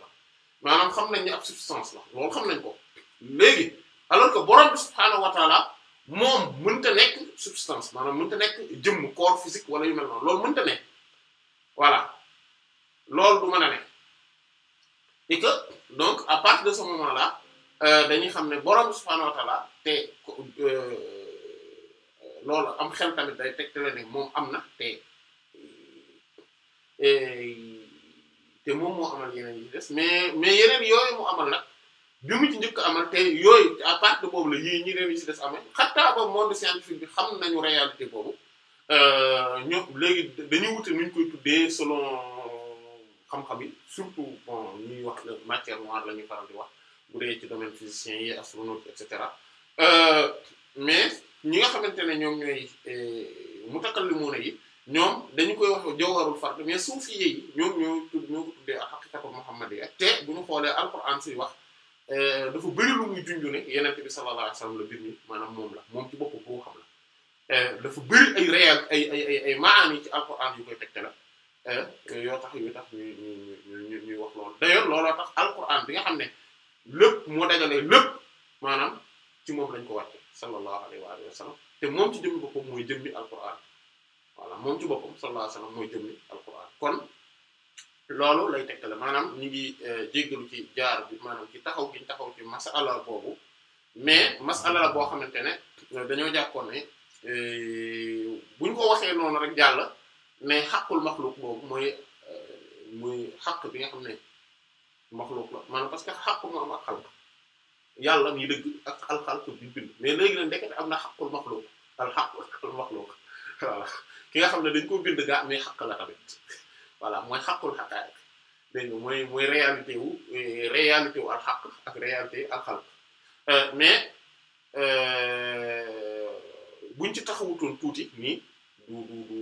maanaam xam nañ ni ab substance la loolu xam nañ ko léegi alors que borom bi subhanahu moom mënta nekk substance maanaam mënta nekk jëmm corps physique wala yu mel noonu loolu mënta nekk voilà loolu du mën a et donc à partir de ce moment euh, dañuy xam ne borom subhaanahu wa taala te euh, loolu am xel tamit day tegtale ne moom am na te euh, te moom moo amal yeneen yi des mais mais yeneen yooyu mu amal nag bi mu ci njëkk amal te yooyu à part de boobu la yii ñi réew si des amal xattaa ba monde scientifique bi xam nañu réalité boobu ñoom léegi dañuy wute nuñ koy tuddee selon. xam-xam yi surtout bon ñuy wax matière noire la ñuy faral di wax bu dee ci domaine physicien yi astronomie et euh, mais ñi nga xamante ne ñoom ñooy eh, mutakallimuna yi ñoom dañu koy wax jawharul fard mais suufi yi ñoom ñoo tudd ñoo ko tuddee ak te bu ñu xoolee alquran suy wax eh, dafa bëri lu muy junj ne yonent bi sallallahu alayhi wasallam la bir mi maanaam moom la moom ci boppam boo xam na eh, dafa bëri ay réel ay ay ay ay maani ci alquran yu koy tegte la yoo tax yu tax ñuy ñuy ñuy wax loolu d'ailleurs looloo tax alquran bi nga xam ne lépp moo dajale lëpp maanaam ci moom lañ ko wàcce sallallahu alayhi wa sallam te moom ci jëmmi boppam mooy jëmmi alquran voilà moom ci boppam sallallahu alayhi wa sallam mooy jëmmi alquran kon loolu lay tekkale maanaam ñu ngi euh, jéggalu ci jaar bi maanaam ci taxaw ki ñu taxaw ci masala boobu mais masala la boo xamante ne euh, dañoo jàppoon ne euh, bu ko waxee noonu rek jàll. mais xaqul maxluq boobu mooy euh, muy xaq bi nga xam ne maxluq la parce que xaq moo am ak yàlla mi dëgg ak alxalq bi bind mais léegi nag ndekete am na xaqul maxluq al xaqul maxluq ki nga xam ne dañ ko bind gaa am xaq voilà mooy xaqul xaqaa'iq dégg nga mooy mooy euh, euh, mais buñ ci taxawutoon tuuti nii du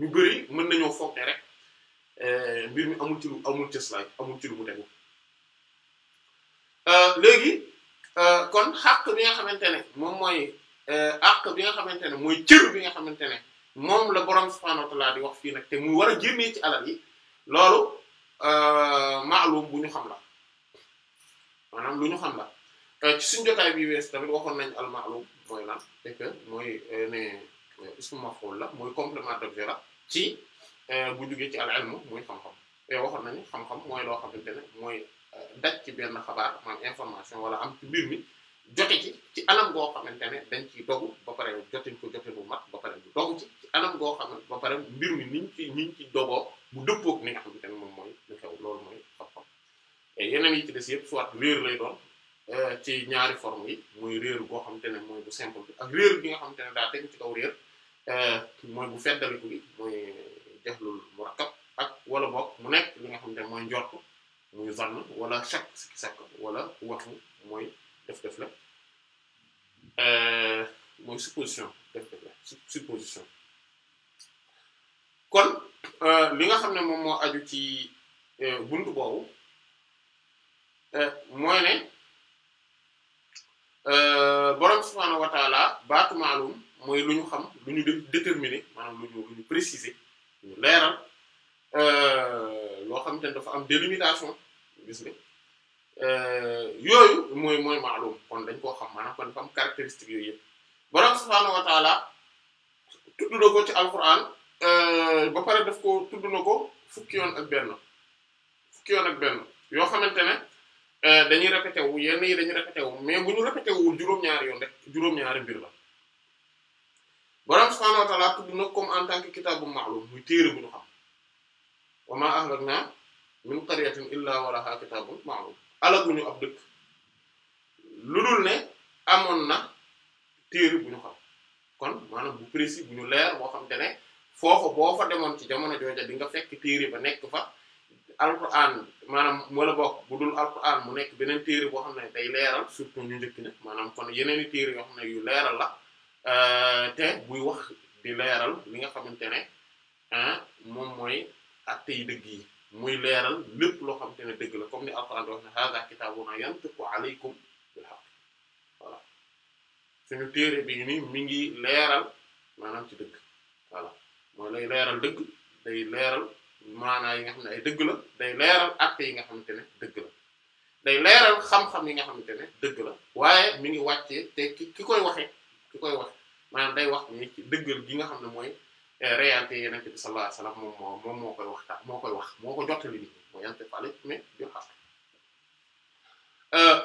ñu bëri mën nañoo foog ne rek eh, mbir mi amul ci lu amul cëslaay amul ci lu mu tegu euh, léegi euh, kon xàq bi nga xamante ne moom mooy euh, àq bi nga xamante ne mooy cër bi nga xamante ne moom la borom subhaanahu wa di wax fii rek te mu war a génnee ci alal yi loolu maalum bu ñu xam la maanaam lu ñu xam la ci suñ jotaay bi wees tamit waxoon nañ al maalum mooy lan et mooy ne ismu maf'ul la mooy complément d'objet la ci euh, bu jógee ci al ilmu muy xam-xam te waxoon nañu xam-xam mooy loo xamante ne mooy euh, daj ci benn xabaar maam information wala am ci mbir mi jote ci ci anam goo xamante ne dañ ciy dogu ba pare jotin ko jotin bu mat ba pare bu dogu ci anam goo xamante ba pare mbir mi niñ ci niñ ci dogoo bu dëppoog ni nga xamante ne moom mooy lu xew loolu mooy xam-xam yeneen yi ci des yëpp soit réer lay doon euh, ci ñaari forme yi muy réer goo xamante ne mooy bu simple bi ak réer bi nga xamante ne daa tegu ci kaw réer mooy bu feddaliku bi wala boog mu nekk li nga xam ne mooy njort muy zann wala shakk sikki sàkk wala waxu mooy def-def la euh, mooy supposition def-def la supposition kon euh, li nga xam ne moom moo aju ci euh, buntu boobu mooy ne borom subhaanahu wa baatu maalum mooy lu ñu xam lu ñu déterminer maanaam lu ñu lu ñu leeral Euh, loo xamante ne dafa am délimitation gis nga euh, yooyu mooy mooy maalum kon dañ koo xam maanaam kon dafa am yooyu yëpp borom subhaanahu na ko ci alquran euh, ba pare def ko tudd na ko fukki yoon ak benn fukki yoon ak benn yoo xamante ne dañuy répété wu yenn yi dañuy répété mais bu ñu répété wul juróom-ñaari yoon rek juróom-ñaari mbir la borom subhaanahu wa na comme en tant que kitaabu maalum muy téere bu ñu xam. wa maa ahlaknaa min qaryatin illaa wa lahaa kitaabun ma'luum alaguñu ab dëkk lu dul ne amoon na téere bu ñu xam kon maanaam bu précis bu ñu leer boo xam te ne foofa boo fa demoon ci jamono jooja di nga fekk téere ba nekk fa alquran maanaam wala bokk bu dul alquran mu nekk beneen téere boo xam ne day leeral surtout ñu njëkk ne maanaam kon yeneeni téere yoo xam ne yu leeral la euh, te buy wax di leeral li nga xamante ne moom mooy atte yi dëgg yi muy leeral lépp loo xam te dëgg la comme ni alquran di wax ne hadha kitabuna yantiqu alaykum bil haqq voilà suñu téere bi ni mi ngi leeral maanaam ci dëgg voilà mooy lay leeral dëgg day leeral maanaa yi nga xam ne ay dëgg la day leeral atte yi nga xamante ne dëgg la day leeral xam-xam yi nga xamante ne dëgg la waaye mi ngi wàccee te ki ki koy waxee ki koy waxe maanaam day wax ni ci dëggal gi nga xam ne mooy Euh, réalité yeneen bi sallallahu alayhi wasallam moom moo moom moo koy waxtaan moo koy wax moo ko jottali nit ñi yante fale mais bil xaq euh,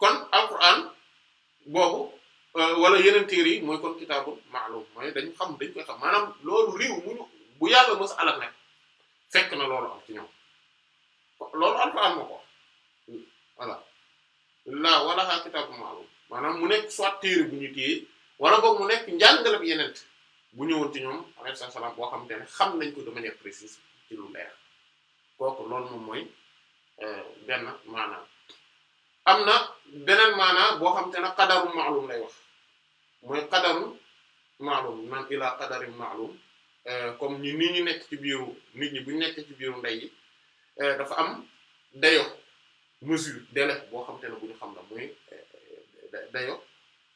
kon alquran boobu euh, wala yeneen téere yi mooy kon kitaabul ma'lum mooy dañu xam dañ koy xam maanaam loolu riiw muñu bu yàlla mos alak nag fekk na loolu am ci ñoom loolu alquran moo ko voilà la wala xaa kitaabul ma'lum maanaam mu nekk soit téere bu ñu téye wala boog mu nekk njàngale bi yeneen bu ñëwoon ci ñoom alayhi salaam boo xamante ne xam nañ ko de manière précise ci lu leer kooku loolu moom mooy euh, benn maana am na beneen maanaam boo xamante ne qadaru ma'lum lay wax mooy qadaru ma'lum naan ilaa qadarin ma'lum euh, comme ñu nit ñi nekk ci biiru nit ñi bu ñu nekk ci biiru ndey yi euh, dafa am dayo mesure délai boo xamante ne bu ñu xam na muy dayo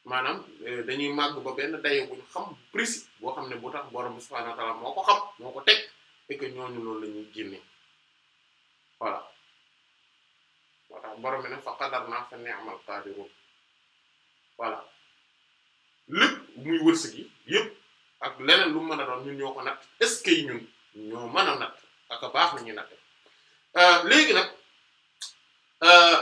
maanaam euh, dañuy màgg ba benn dayo bu xam précis boo xam ne bu tax borom bi subhaanahu moo ko xam moo ko teg et loolu la ñuy génne voilà moo tax borom bi nag fa qadarnaa lu mën a doon ñun ñoo ko natt ce que ñun ñoo mën a natt ak a baax na ñuy natt euh, léegi nag euh,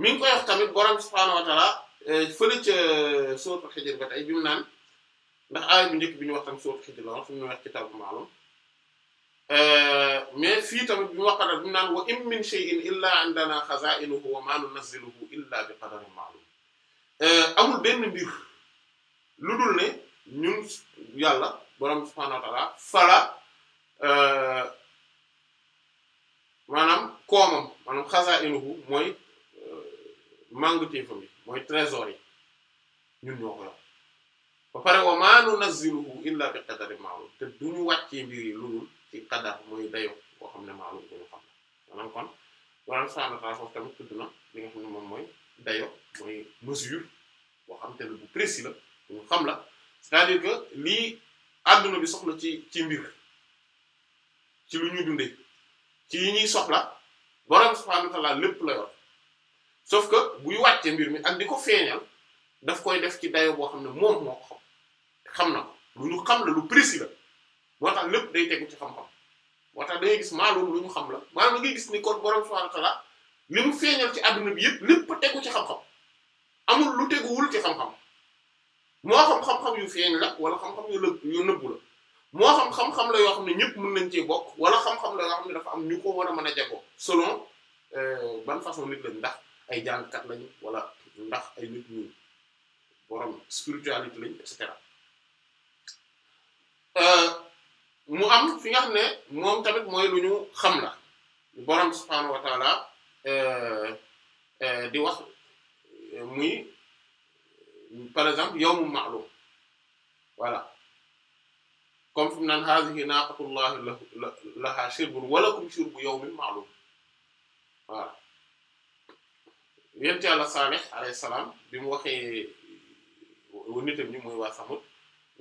mi koy wax tamit borom bi subhaanahu Euh, fële ca euh, sóotu xijir ba tey bi mu naan ndax aay bu njëkk bi ñu wax tam sóotu xijir la wax fi mu wax kitaabu maalum euh, mais fii tamit bi mu wax bi mu naan wa in min shay'in illa wa ma nunazziluhu illa bi qadarin maalum amul benn mbir lu dul ñun yàlla borom subhaanahu wa ta'aala fala maanaam koomam maanaam xazaa'inuhu mooy màngu téefam mooy trésor yi ñun ñoo ko yor ba pare wa maa nunazziluhu illa bi qadarin ma'lum te duñu wàccee mbir yi lu dul xam ne ma'lum ñu xam la maanaam kon borom subhaanahu wa ta'aala moom mooy dayo mooy mesure boo xam te ne bu précis la bu xam la c'est-à-dire que lii àdduna bi soxla ci ci mbir ci lu ñu dundee ci yi ñuy soxla borom subhaanahu lépp la yor sof que buy wàcce mbir mi ak di ko feeñal daf koy def ci dayo boo xam ne moom moo ko xam xam na ko lu ñu xam la lu précis la moo tax lépp day tegu ci xam-xam moo tax da gis maalum lu ñu xam la maanaam ngay gis ni kon borom subhanahu wa mu feeñal ci adduna bi yëpp lépp tegu ci xam-xam amul lu teguwul ci xam-xam moo xam xam-xam yu feeñ la wala xam-xam yu lëb yu nëbbu la moo xam xam-xam la yoo xam ne ñëpp mën nañ cee bokk wala xam-xam la yoo xam ne dafa am ñu ko war a mën a jagoo selon euh, ban façon nit lañ ndax ay jàngkat lañu wala ndax ay nit mi borom spiritualité lañu et cetera euh, mu am fi nga xam ne moom tamit mooy lu ñu xam na borom subhaanahu wa euh, euh, di wax muy par exemple yawmun ma'lum voilà comme fi mu naan haadihi naaqatullahi lahaa shirbun wa lakum shirbu yawmin ma'lum voilà yent yàlla Saalih alayhi salaam bi mu waxee nitam ñi mooy waa Samud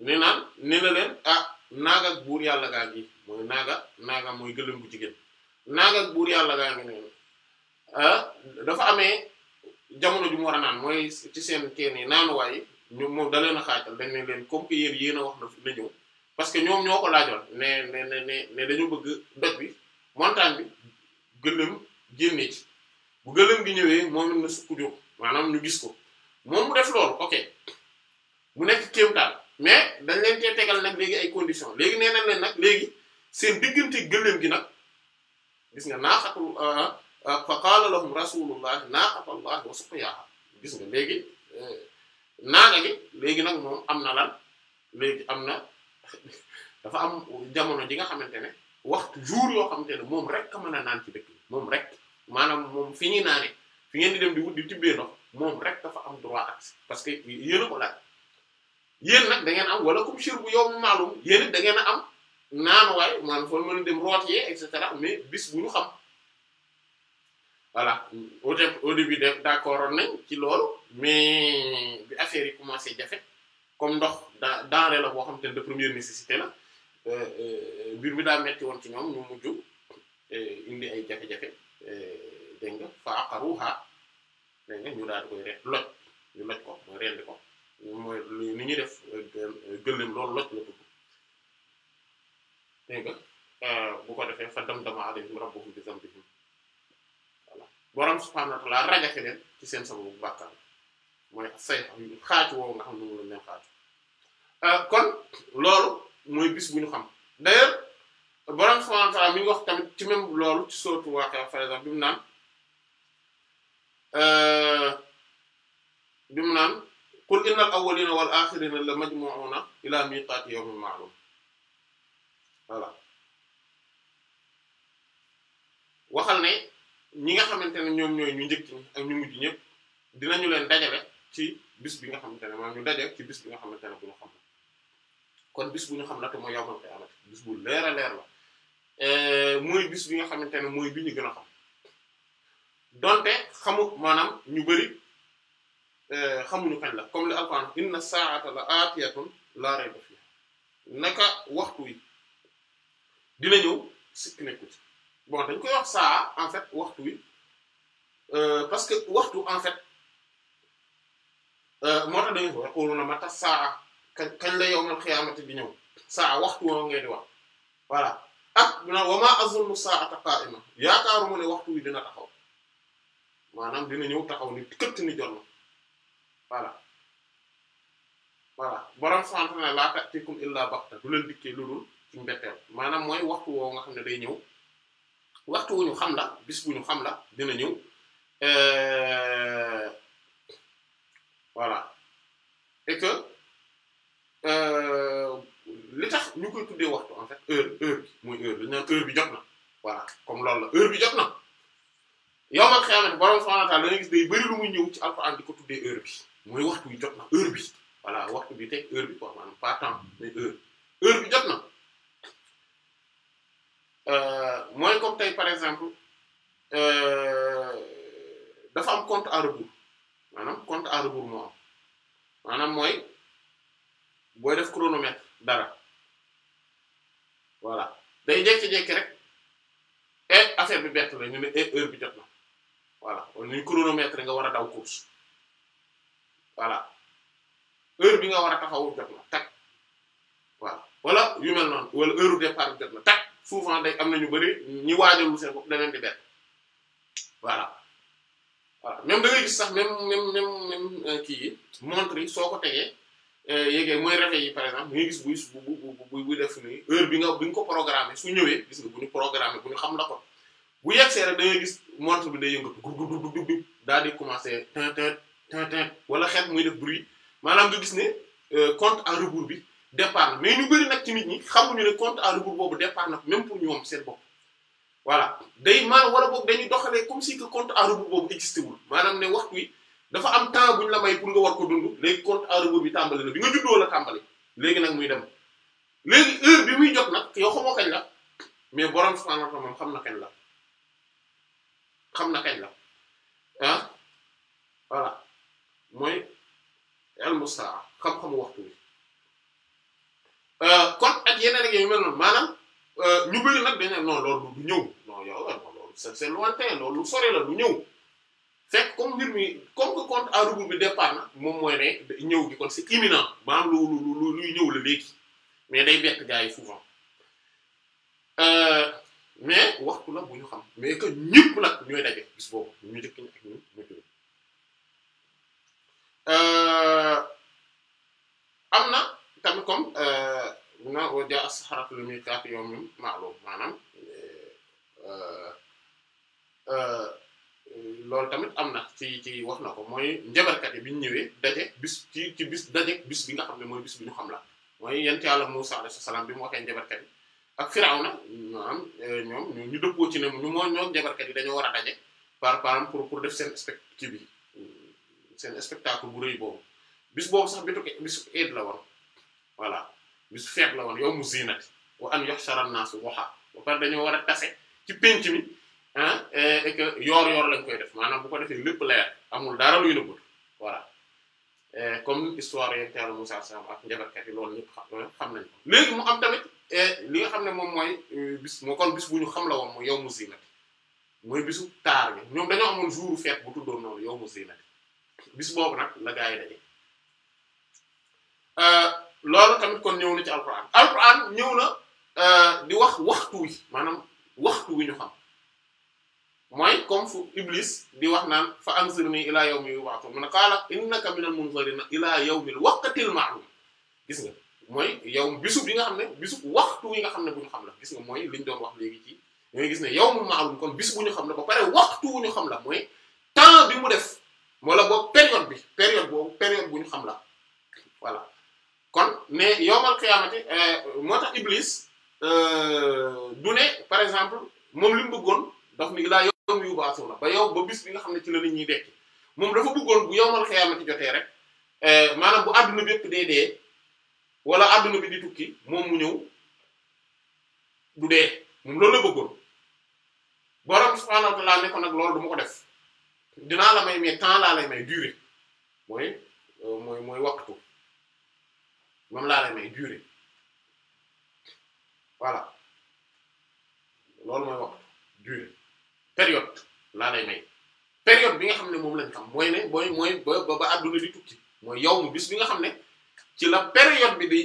nee naan nee na leen ah naaga buur yàlla gaa ngi mooy naaga naaga mooy gëlëm bu jigéen naaga ak buur yàlla gaa ngi neen ah, dafa amee jamono ju mu war a naan mooy ci seen teen yi naanuwaay yi ñu moom da leen a xaajal dañ leen comme que yéen yéen a wax na na ñëw parce que ñoom ñoo ko laajoon ne ne ne ne dañu bëgg doj bi montagne bi gëlëm génne ci bu gëlëm gi ñëwee moom it na sukk jóg maanaam ñu gis ko moom mu def loolu ok mu nekk kéemtaan mais dañ leen cee tegal nag léegi ay conditions léegi nee nañ leen nag léegi seen diggante gëlëm gi nag gis nga naaxatul ah, ah, fa qaala lahum rasulullah naaxatullah wa suqyaha gis léegi eh, naaga gi léegi nag moom am na lan léegi am na dafa am jamono ji nga xamante ne waxtu jour yoo xamante ne moom rek ka mën naan ci dëkk moom rek maanaam moom fi ñuy naane fi ngeen di dem di wut di tibbee ndox moom rek dafa am droit accès parce que yéen a ko laaj yéen nag da ngeen am wala comme shir bu yow mu maalum yéen it da ngeen am naanuwaay maanaam foo mën a dem root yee et cetera mais bis bu ñu xam voilà au début au début d'accord nañ ci loolu mais bi affaire yi commencé jafe comme ndox daa denrée la boo xam te ne de première nécessité la euh, euh, mbir mi daal metti woon ci ñoom ñu mujj euh, indi ay jafe-jafe. Eh, dégg nga fa a dégg nga ñu daal di koy re loj ñu loj ko mooy rendi ko mooy ni ñuy def eh, eh, gëléem loolu loj la tudd dégg nga bu ko defee fa damdama alayhim rabbuhum bi dhanbihim voilà borom subhanahu wa ta'ala rajaxe leen ci seen sababu bàkkaar mooy say xaatu woowu nga xam ne moom la ñu leen xaatu kon loolu mooy bis bu ñu xam d'ailleurs borom subhanahu wa mi ngi wax tamit ci même loolu ci sourate Waaqia par exemple bi mu naan euh, bi mu naan qul innal awwalina wal axirina la majmu'una ila miqaati yawmin ma'lum voilà waxal ne ñi nga xamante ne ñoom ñooy ñu njëkk ak ñu mujj ñëpp dinañu leen dajale ci bis bi nga xamante ne maanaam ñu dajale ci bis bi nga xamante ne bu ñu xam kon bis bu ñu xam la te mooy yawmal qiyaamah bis bu leer leer la Euh, mooy bis bi nga xamante ne mooy bi ñu gën a xam donte xamu maanaam ñu bëri euh, xamuñu kañ la comme li alquran inna saata la aatiyatun la rayba fiha naka waxtu wi dina ñëw sikk nekku ci bon dañ koy wax saa en fait waxtu wi euh, parce que waxtu en fait moo tax dañuy wax yaquluna mata saa kañ la yawmal qiyaamati bi ñëw saa waxtu woo ngeen di wax voilà ak mu naan wa maa azunnu saa'ata qaa'ima yaakaaruma ne waxtu wi dina taxaw maanaam dina ñëw taxaw ni këtt ni jot na voilà voilà borom sant ne laa ta'tiikum illaa baxta du leen dikkee lu dul ci mbetteel maanaam mooy waxtu woo nga xam ne day ñëw waxtu wu ñu xam la bis bu ñu xam la dina ñëw euh, voilà et euh, li tax ñu koy tuddee waxtu en fait heure heure bi mooy heure bi naan heure bi jot na voilà comme loolu la heure bi jot na yow man xëy borom subhanahu wa ta'ala dana gis day bëri lu muy ñëw ci alxuraan euh, par exemple euh, dafa am compte à rebours compte à rebours moo mooy booy def chronomètre dara voilà day jékki-jékki rek e, affaire bi bett la ñu ne e, heure bi nga war a daw course voilà heure bi nga war a taxawu jot na tak voilà wala yu mel noonu wala heure départ bi jot na tak souvent day am na ñu bari ñi waajalul seen bopp daneen di bett voilà voilà même da sax même même même euh, kii yi montre soo ko tegee Euh, yéegee mooy réveil yi par exemple da ngay gis buy buy buy def ni heure bi nga bi nga ko programmé su ñëwee gis nga bu ñu programmé bu ñu xam la ko bu yegsee rek da ngay gis montre bi day yëngatu dugub dugub daal di commencer tintin tintin wala xeet muy def bruit maanaam nga gis ne euh, compte à rebours bi départ na mais ñu bari nag ci nit ñi xamuñu ne compte à rebours boobu départ na même pour ñoom seen bopp. voilà day maanaam wala boog dañuy doxalee comme si que compte à rebours boobu existé wul dafa am temps buñ la may pour nga war ko dund léegi compte à bi tàmbali na bi nga juddoo la tàmbali léegi nag muy dem léegi bi muy jot nag yow xamoo kañ la xam na kañ la xam na kañ la ah voilà mooy ilmu saa xam-xamu waxtu bi euh, kon ak yeneen ak yu mel noonu maanaam euh, ñu bëri nag dañ ne non loolu du ñëw non yow non loolu c'est lointain loolu lu sori la du ñëw. fekk comme mbir mi comme que compte à rebours bi départ na moom mooy ne ñëw gi kon c'est imminent maanaam lu lu luy ñëw la léegi mais day bett gars yi souvent euh, mais waxtu la bu ñu xam mais que ñëpp nag ñooy daje gis boobu ñu njëkk ñi ak ñu euh, am na tamit comme euh, na ja as-saharatu li miqaati yawmin ma'lum maanaam loolu tamit am na ci ci wax na ko mooy njabarkat yi bi ñu ñëwee daje bis ci ci bis daje bis bi nga xam ne mooy bis bi ñu xam la mooy yent yàlla Musaa alayhi salaam bi mu waxee njabarkat yi ak Firawna maanaam eh, ñoom ñu dëppoo ci ne ñu moo ñoom njabarkat yi dañoo war a daje par par pour pour def seen spect ci bi spectacle bu rëy boobu bis boobu sax bitu bisu eed la woon voilà bisu feet la woon yow mu ziinati wa an yuhshara naa naasu waxaa ba pare dañoo war a tase ci p ah et yoor yor lañ koy def maanaam bu ko defee lépp leer amul dara luy nëbbu voilà comme histoire yeeg teewlu Moussa Sam ak njabarkat yi loolu ñëpp xam nañ ko. léegi mu am tamit li nga xam ne moom mooy euh, bis moo kon bis bu ñu xam la woon mooy yawmu zinati mooy bisu taar bi ñoom dañoo amoon jour fête bu tuddoon noonu yawmu zinati bis boobu nag la gaa yi daje euh, loolu tamit kon ñëw na ci alquran alquran ñëw na euh, di wax waxtu wi maanaam waxtu wi ñu xam. mooy comme fu Iblis di wax naan fa anzirni ilaa yawmi yub'athun mu ne qaala innaka minal munzarina ilaa yawmil waqtil ma'lum gis nga mooy yow bisu bi nga xam ne bisu waxtu wi nga xam ne bu ñu xam la gis nga mooy liñ doon wax léegi ci ñooy gis ne yawmul ma'lum kon bis bu ñu xam la ba pare waxtu wu ñu xam la mooy temps bi mu def wala boobu période bi période boobu période bu ñu xam la voilà kon ne yawmal qiyaamati euh, moo tax Iblis euh, du ne par exemple moom li mu bëggoon yawma yub'asuna ba yow ba bis bi nga xam ne ci la nit ñuy dekki moom dafa bëggoon bu yawmal xiyaamati jotee rek eh, maanaam bu adduna bi yëpp dee dee wala adduna bi di tukki moom mu ñëw du dee moom loolu la bëggoon borom subhaanahu wa ta'aala ne ko nag loolu du ko def dinaa la may mais temps laa lay may durée mooy euh, mooy mooy waxtu moom laa lay may durée voilà loolu mooy waxtu durée période laa lay may période bi nga xam ne moom lañ xam mooy ne mooy mooy ba ba adduna di tukki mooy yow mu bis bi nga xam ne ci la période bi di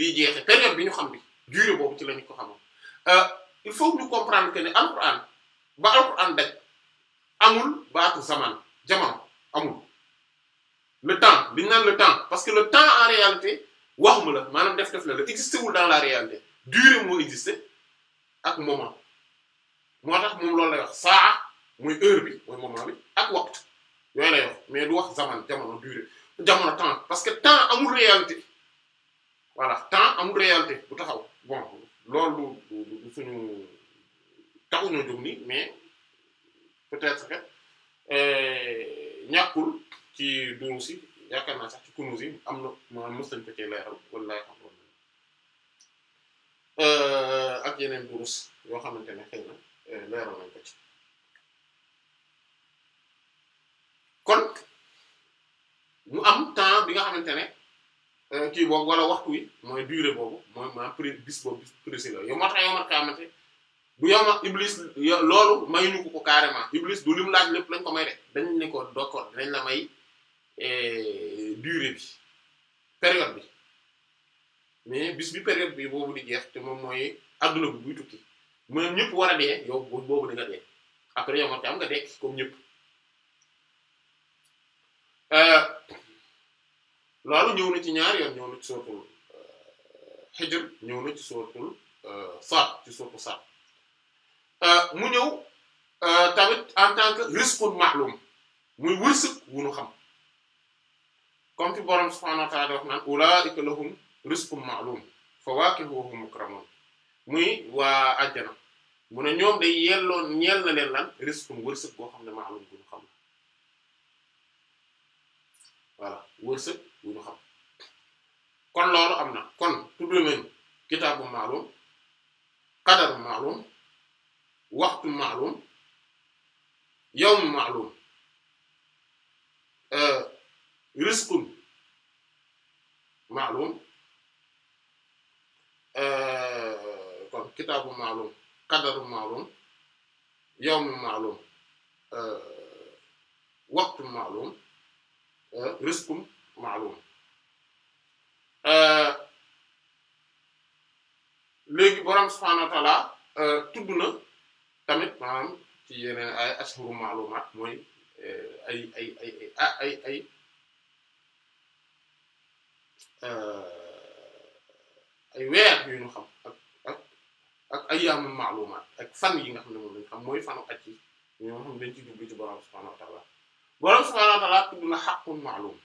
di jeexe période bi ñu xam bi durée boobu ci lañu ko xamoon euh, il faut ñu comprendre que ne alquran ba alquran daj amul baatu zaman jamono amul le temps bi ñu naan le temps parce que le temps en réalité waxuma la maanaam def def la la existé wul dans la réalité durée moo existé ak moment moo tax moom loolu lay wax saa muy heure bi mooy moment bi ak waxtu yooyu lay wax mais du wax zaman jamono durée jamono temps parce que temps amul réalité voilà temps amul réalité bu taxaw bon loolu du du suñu taxuñoo jóg nii mais peut-être que euh, ñàkkul ci duunu si yaakaar naa sax ci kunus am na maanaam mos nañu ko cee leeral wala xam euh, ak yeneen durus yoo xamante ne xëy na. Eh, leeral nañ ko ci kon mu am temps bi nga xamante ne eh, kii boobu wala waxtu wi mooy durée boobu mooy ma pré bis boobu précis la yow moo tax yow mat kaamate bu yow ma iblis loolu mayuñu ko ko carrément iblis du lim laaj lépp lañ ko may de dañ ne ko d'accord dinañ la may eh, durée bi période bi mais bis bi période bi boobu di jeex te moom mooy adduna bi buy tukki maanaam ñëpp war a dee boobu da nga après yow man am nga dee comme ñëpp euh, loolu ñëw na ci ñaar yoon ñëw na ci sootul euh, Hijr ñëw na ci sootul euh, Saad ci sootu Saad mu ñëw tamit en tant que rizqun ma'lum muy wërsëg wu ñu xam comme fi borom subhanahu wa ta'ala wax naan ulaa'ika lahum rizqun ma'lum fawakihu wa hum mukramun muy waa àjjana mu ne ñoom day yelloon ñeel na leen lan risque wërsëg boo xam ne maalum bu xam voilà wërsëg bu xam kon loolu am na kon tudd nañu kitaabu maalum qadar maalum waxtu maalum yawm maalum euh, risqun maalum euh, kon kitaabu maalum qadaru ma'lum yawmu ma'lum euh, waqtu ma'lum euh, riskum ma'lum euh, léegi borom subhaanahu wa ta'aala tudd na tamit maanaam ci yeneen ay ashhuru ma'lumaat mooy ay ay ay ay ay ay weer yu ñu xam ak ak ayyaamul ma'luumaat ak fan yi nga xam ne moom lañ xam mooy yi ñoo dañ ci jublu ci borom subhaanahu wa borom subhaanahu wa ta'aala na haqqun ma'luum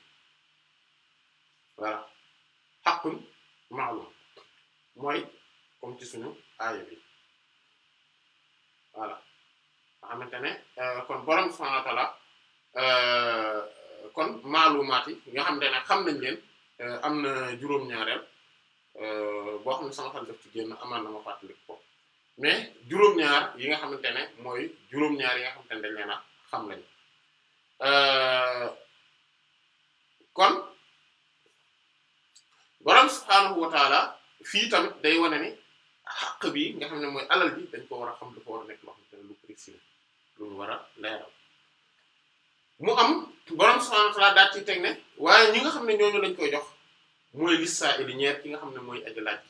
voilà haqqun ma'luum mooy comme ci suñu aaya bi voilà nga xamante ne euh, kon borom subhaanahu wa euh, kon ma'luumaat yi nga xam ne xam nañ leen euh, am na juróom-ñaareel boo xam ne sama xel daf ci génn amaan na ma fàttali ko. mais juróom-ñaar yi nga xamante ne mooy juróom-ñaar yi nga xamante ne dañ xam lañ euh, kon borom subhaanahu wa taala fii tamit day wane ni xàq bi nga xam ne mooy alal bi dañ ko war a xam dafa war a lu précis loolu war a leeral mu am borom subhaanahu daal ci teg ne waaye ñi nga xam ne ñooñu lañ koy jox mooy lis saa ili ñeer ki nga xam ne mooy ajolaaj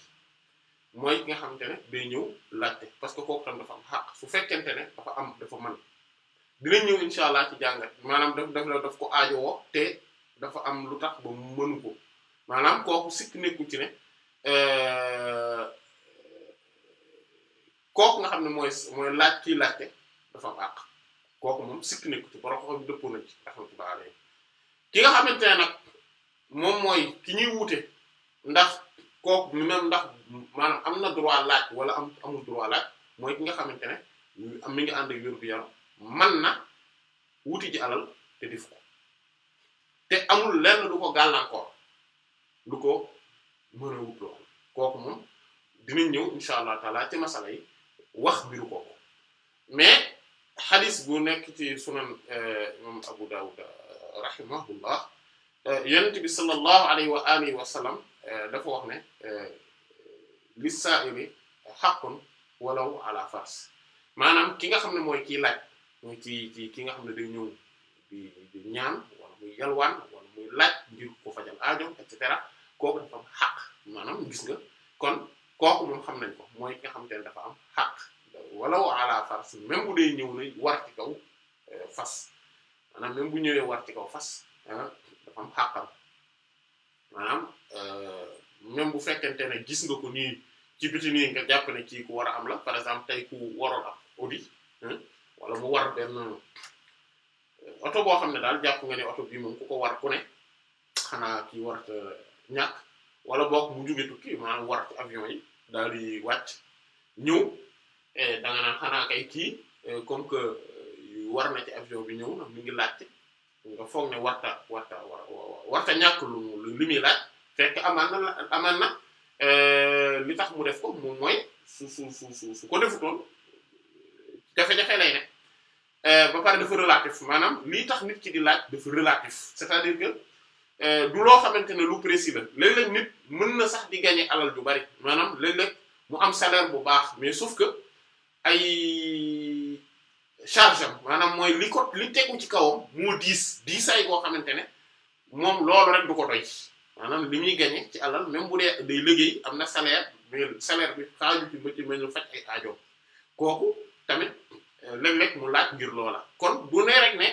mooy ki nga xamante ne day ñëw laajte parce que kook tam dafa am xaq su fekkente ne dafa am dafa mën dinañ ñëw incha allah ci jàngat maanaam daf daf la daf ko aajowoo te dafa am lu tax ba mënu ko maanaam kooku sikk nekku ci ne euh, kooku nga xam ne mooy mooy laaj kii laajte dafa am àq kooku moom sikk nekku ci borom xam nañ ci rahmatullah alayhi ki nga xamante nag moom mooy ki ñuy wuute ndax kooku même ndax maanaam am na droit laaj wala am amul droit laaj mooy ki nga xamante ne mi ngi ànd ak wér yaram man na wuti ji alal te def ko te amul lenn lu ko gàllankoor du ko mën wut lool kooku moom dinañ ñëw incha allah taala ci masala yi wax mbiru kooku mais xadis bu nekk ci sunan eh, imam Abu Dawud rahimahullah eh, yonent bi sallallahu alayhi wa alihi wa sallam dafa wax ne euh, li sa'ili haqqun walaw ala fars maanaam ki nga xam ne mooy kii laaj mooy ci ci ki nga xam ne day ñëw di di ñaan wala muy yalwaan wala muy laaj ngir ko fajal aajo et cetera kooku dafa am xaq maanaam gis nga kon kooku moom xam nañ ko mooy nga xam te dafa am xaq walaw ala fars même bu day ñëw na war ci kaw euh, fas maanaam même bu ñëwee war ci kaw fas dafa am xaqam maanaam ñoom euh, bu fekkente ne gis nga ko nii ci biti nii nga jàpp ne kii ku war a am la par exemple tey ku waroon ab Audi wala bu war benn euh, oto boo xam ne daal jàpp nga ne oto bii moom ku ko war ku ne xanaa kii war te ñàkk wala boog mu jóge tukki maanaam war avion yi daal di wàcc ñëw eh, da nga naan xanaa kay kii euh, comme que war na ci avion bi ñëw na mu ngi laaj nga foog ne warta warta wa warta ñàkk lu lu muy laaj fekk amaan na euh, li tax mu def ko moom mooy su su su ko defutoon jafe-jafe lay ne euh, ba pare dafa relatif maanaam li tax nit ki di laaj dafa relatif c'est-à-dire que euh, du loo xamante ne lu précis la léeg nit mën na sax di gagner alal ju bari maanaam léeg-léeg mu am salaire bu baax mais sauf que ay charge am maanaam mooy li ko li tegu ci kawam moo diis diisaay koo xamante ne moom loolu rek du ko doy maanaam li muy gañe ci alal même bu dee day liggéey am na salaire mais bi xaaju ci ba ci mel ni faj ay aajo kooku tamit euh, léeg-léeg mu laaj ngir loola kon bu nee rek ne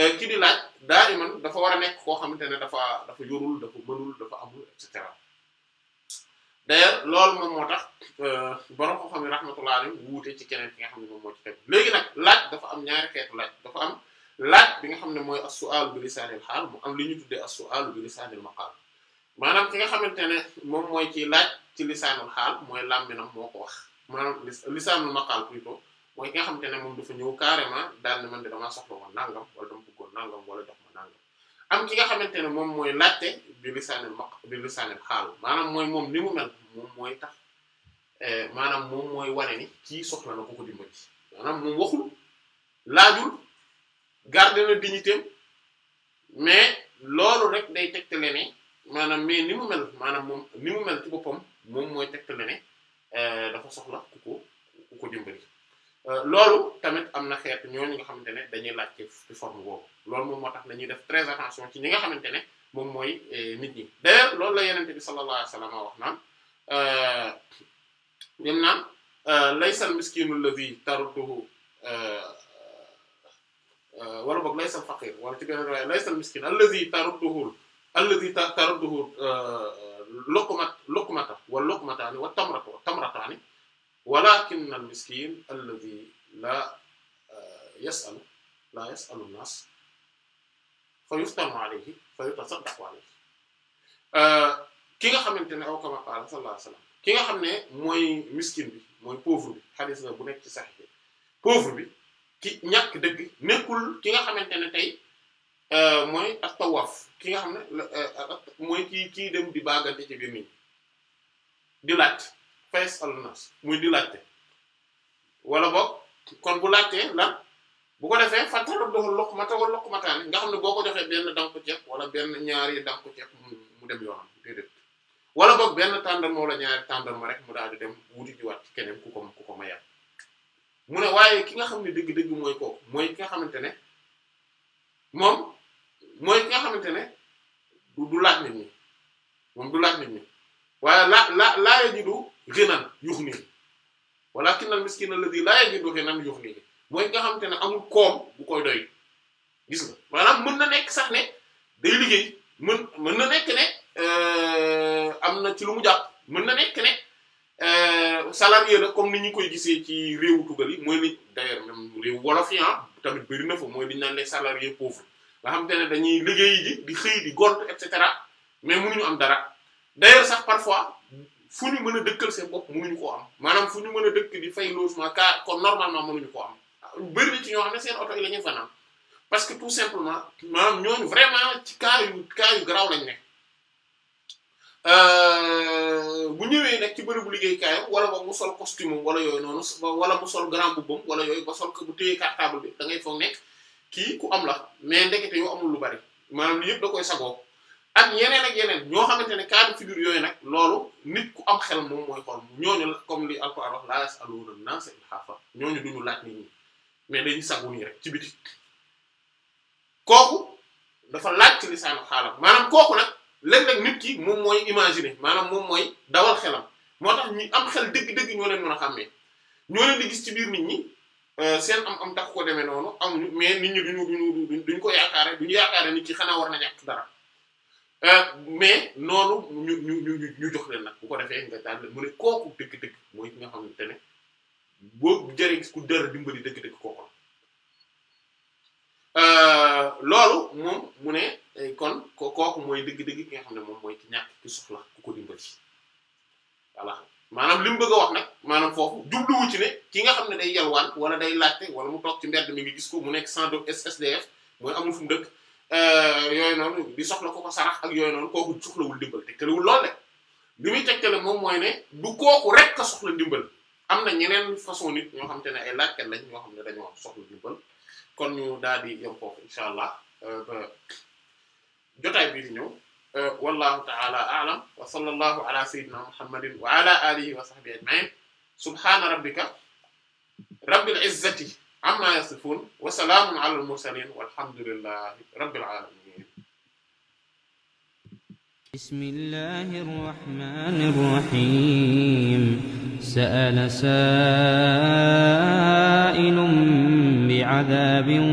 euh, ki di laaj daa man dafa war a nekk koo xamante ne dafa dafa yorul dafa mënul dafa amul et cetera. d'ailleurs loolu moom moo tax euh, borom ko xam ne rahmatullah alayhi wuute ci keneen ki nga xam ne moom moo ci teg léegi nag laaj dafa am ñaari xeetu laaj dafa am laaj bi nga xam ne mooy as-su'al bi xaal mu am li ñu tuddee as-su'al bi lisaanil maanaam ki nga xamante ne moom mooy ci laaj ci lisaanul xaal mooy làmminam moo ko wax maanaam lisaanul maqaal plutôt mooy ki nga xamante ne moom dafa ñëw carrément daal ne man de damaa soxla woon nangam wala dama bëggoon nangam wala jox am ki nga xamante ne moom mooy laajte bi lisaanil maq bi lisaanil xaalu maanaam mooy moom ni mu mel moom mooy tax eh, maanaam moom mooy wane ni kii soxla na ko ko dimbali maanaam moom waxul laajul garder na dignité mais loolu rek day tegtale ne maanaam mais ni mu mel maanaam moom ni mu mel ci boppam moom mooy tegtale ne eh, dafa soxla ku ko ku ko dimbali. Euh, loolu tamit am na xeetu ñooñu nga xamante ne dañuy laaj ci forme boobu loolu moom moo tax dañuy def très attention ci ñi nga xamante ne moom mooy euh, nit ñi d'ailleurs loolu la yenente bi sallallahu alayhi wasallam wax naan dem euh, naan laysal miskinu alladhi tarudduhu wala boog laysal faqir wala ci beneen riwaaya laysal miskin alladhi tarudduhu alladhi tarudduhu luqmat luqmata wala luqmataani wa tamratu tamrataani walakin al la yasalu la yasalu an-nas fa ki nga xamante ne aw kama qaala sallallahu alayhi wasallam ki nga xam ne mooy miskin bi mooy pauvre bi xaalis la bu nekk ci sax bi bi ki ñàkk dëgg nekkul ki nga xamante ne tey euh, mooy a tawaaf ki nga xam ne euh, euh, mooy kii kii dem di baagante ci biir nit di laaj fayas alnas muy di laajte wala boog kon bu laajtee la bu ko defee fàttali doxul loqmata wala loqmataani nga xam ne boo ko joxee benn dang ko ceeb wala benn ñaari dang ko ceeb mu dem yoonam déedéet wala boog benn tàndarma wala ñaari ma rek mu daal di dem wuti jiwaat wat keneen ku ko ku ko mayal mu ne waaye ki nga xam ne dëgg-dëgg mooy kooku mooy ki nga xamante ne moom mooy ki nga xamante ne du laaj nit ñi moom du laaj nit ñi waaye la la laaye ji ghinan yughnihi walakin al miskina alladhi la yajidu ghinan yughnihi mooy nga xamante ne amul koom bu koy doy gis nga maanaam mën na nekk sax ne day liggéey mën mën na nekk ne euh, am na ci lu mu jàpp mën na nekk ne euh, salarié la comme ni ñu koy gisee ci réewu tugal yi mooy li d'ailleurs même réewu wolof ah, tamit bëri na fa mooy li ñu naan les salariés pauvres nga xamante ne dañuy liggéey ji di xëy di gont et cetera mais mënuñu am dara d'ailleurs sax parfois fu ñu mën a dëkkal seen bopp ñu koo am maanaam fu ñu mën a dëkk di fay logement car kon normalement mënuñu koo am ah, bëri na ci ñoo xam ne seen oto yi la ñuy fanaan parce que tout simplement maanaam ñooñu vraiment ci cas yu cas garaaw lañ nekk euh, bu ñëwee nag ci bërëbu liggéeykaayam wala ba mu sol costume wala yooyu noonu wala mu sol grand boubou wala yooyu ba sol ko bu cartable bi dangay ngay foog nekk kii ku am la mais ndekete yoo amul lu bari maanaam yëpp da koy sagoo. ak yeneen ak yeneen ñoo xamante ne cas ci biir yooyu nag loolu nit ku am xel moom mooy xool ñooñu comme li Alxuraan wax laa yas'aluuna an-naasa ilhaafa ñooñu duñu laaj nit ñi mais dañuy sagu nii rek ci biti kooku dafa laaj ci lisaanu xaalam maanaam kooku nag léeg nit ki moom mooy imaginer maanaam moom mooy dawal xelam moo tax ñi am xel dëgg-dëgg ñoo leen mën a xàmmee ñoo leen di gis ci biir nit ñi euh, seen am am tax ko demee noonu amuñu mais nit ñi duñu duñu duñ ko yaakaare duñu yaakaare nit ki xanaa war na ñàkk dara Euh, mais noonu ñu ñu ñu ñu jox leen nag bu ko defee nga daal mu ne kooku dëgg-dëgg mooy ki nga xamante ne ku dara dimbali dëgg-dëgg kooku la euh, moom mu ne eh, kon kooku mooy dëgg-dëgg ki xam ne moom mooy ki ñàkk ki soxla ku ko dimbali voilà maanaam li mu bëgg a wax nag maanaam foofu jubluwu ci ne ki nga xam ne day yalwaan wala day laajte wala mu toog ci mbedd mi ngi gis ko mu nekk sans SDF mooy amul fu mu dëkk. Euh, yooyu noonu soxla ko ko sarax ak yooyu noonu kooku soxlawul dimbal tegtalewul lool de li muy tegtale moom mooy ne du kooku rek ka soxla dimbal am na ñeneen façon nit ñoo xam te ne ay laajkat lañ ñoo xam ne dañoo soxla dimbal kon ñu daal di yem foofu allah euh, ba jotaay bii ñëw euh, wallahu ta'ala a'lam wa sallallahu ala sayyidina muhammadin wa ala alihi wa sahbihi ajma'in subhana rabbika rabbil izzati amma yasifun wa salaamun alal mursalin walhamdulillahi rabbil alamin bismillahir rahmanir rahim sa'ala saa'ilun bi'adabin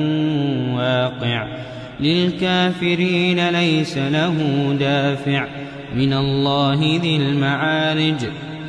waaqi' lilkaafiriina laysa lahu daafi' min allahi dhil ma'aarij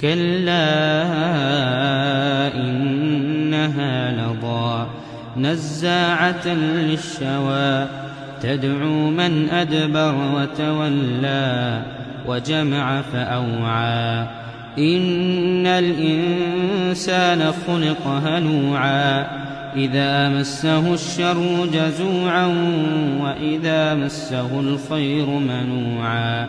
كلا إنها لضا نزاعة للشوى تدعو من أدبر وتولى وجمع فأوعى إن الإنسان خلق هلوعا إذا مسه الشر جزوعا وإذا مسه الخير منوعا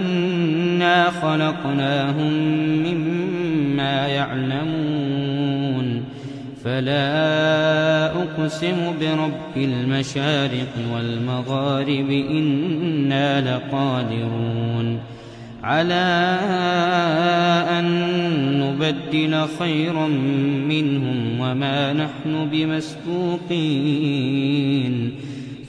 إِنَّا خَلَقْنَاهُمْ مِمَّا يَعْلَمُونَ فَلَا أُقْسِمُ بِرَبِّ الْمَشَارِقِ وَالْمَغَارِبِ إِنَّا لَقَادِرُونَ على أن نبدل خيرا منهم وما نحن بمسبوقين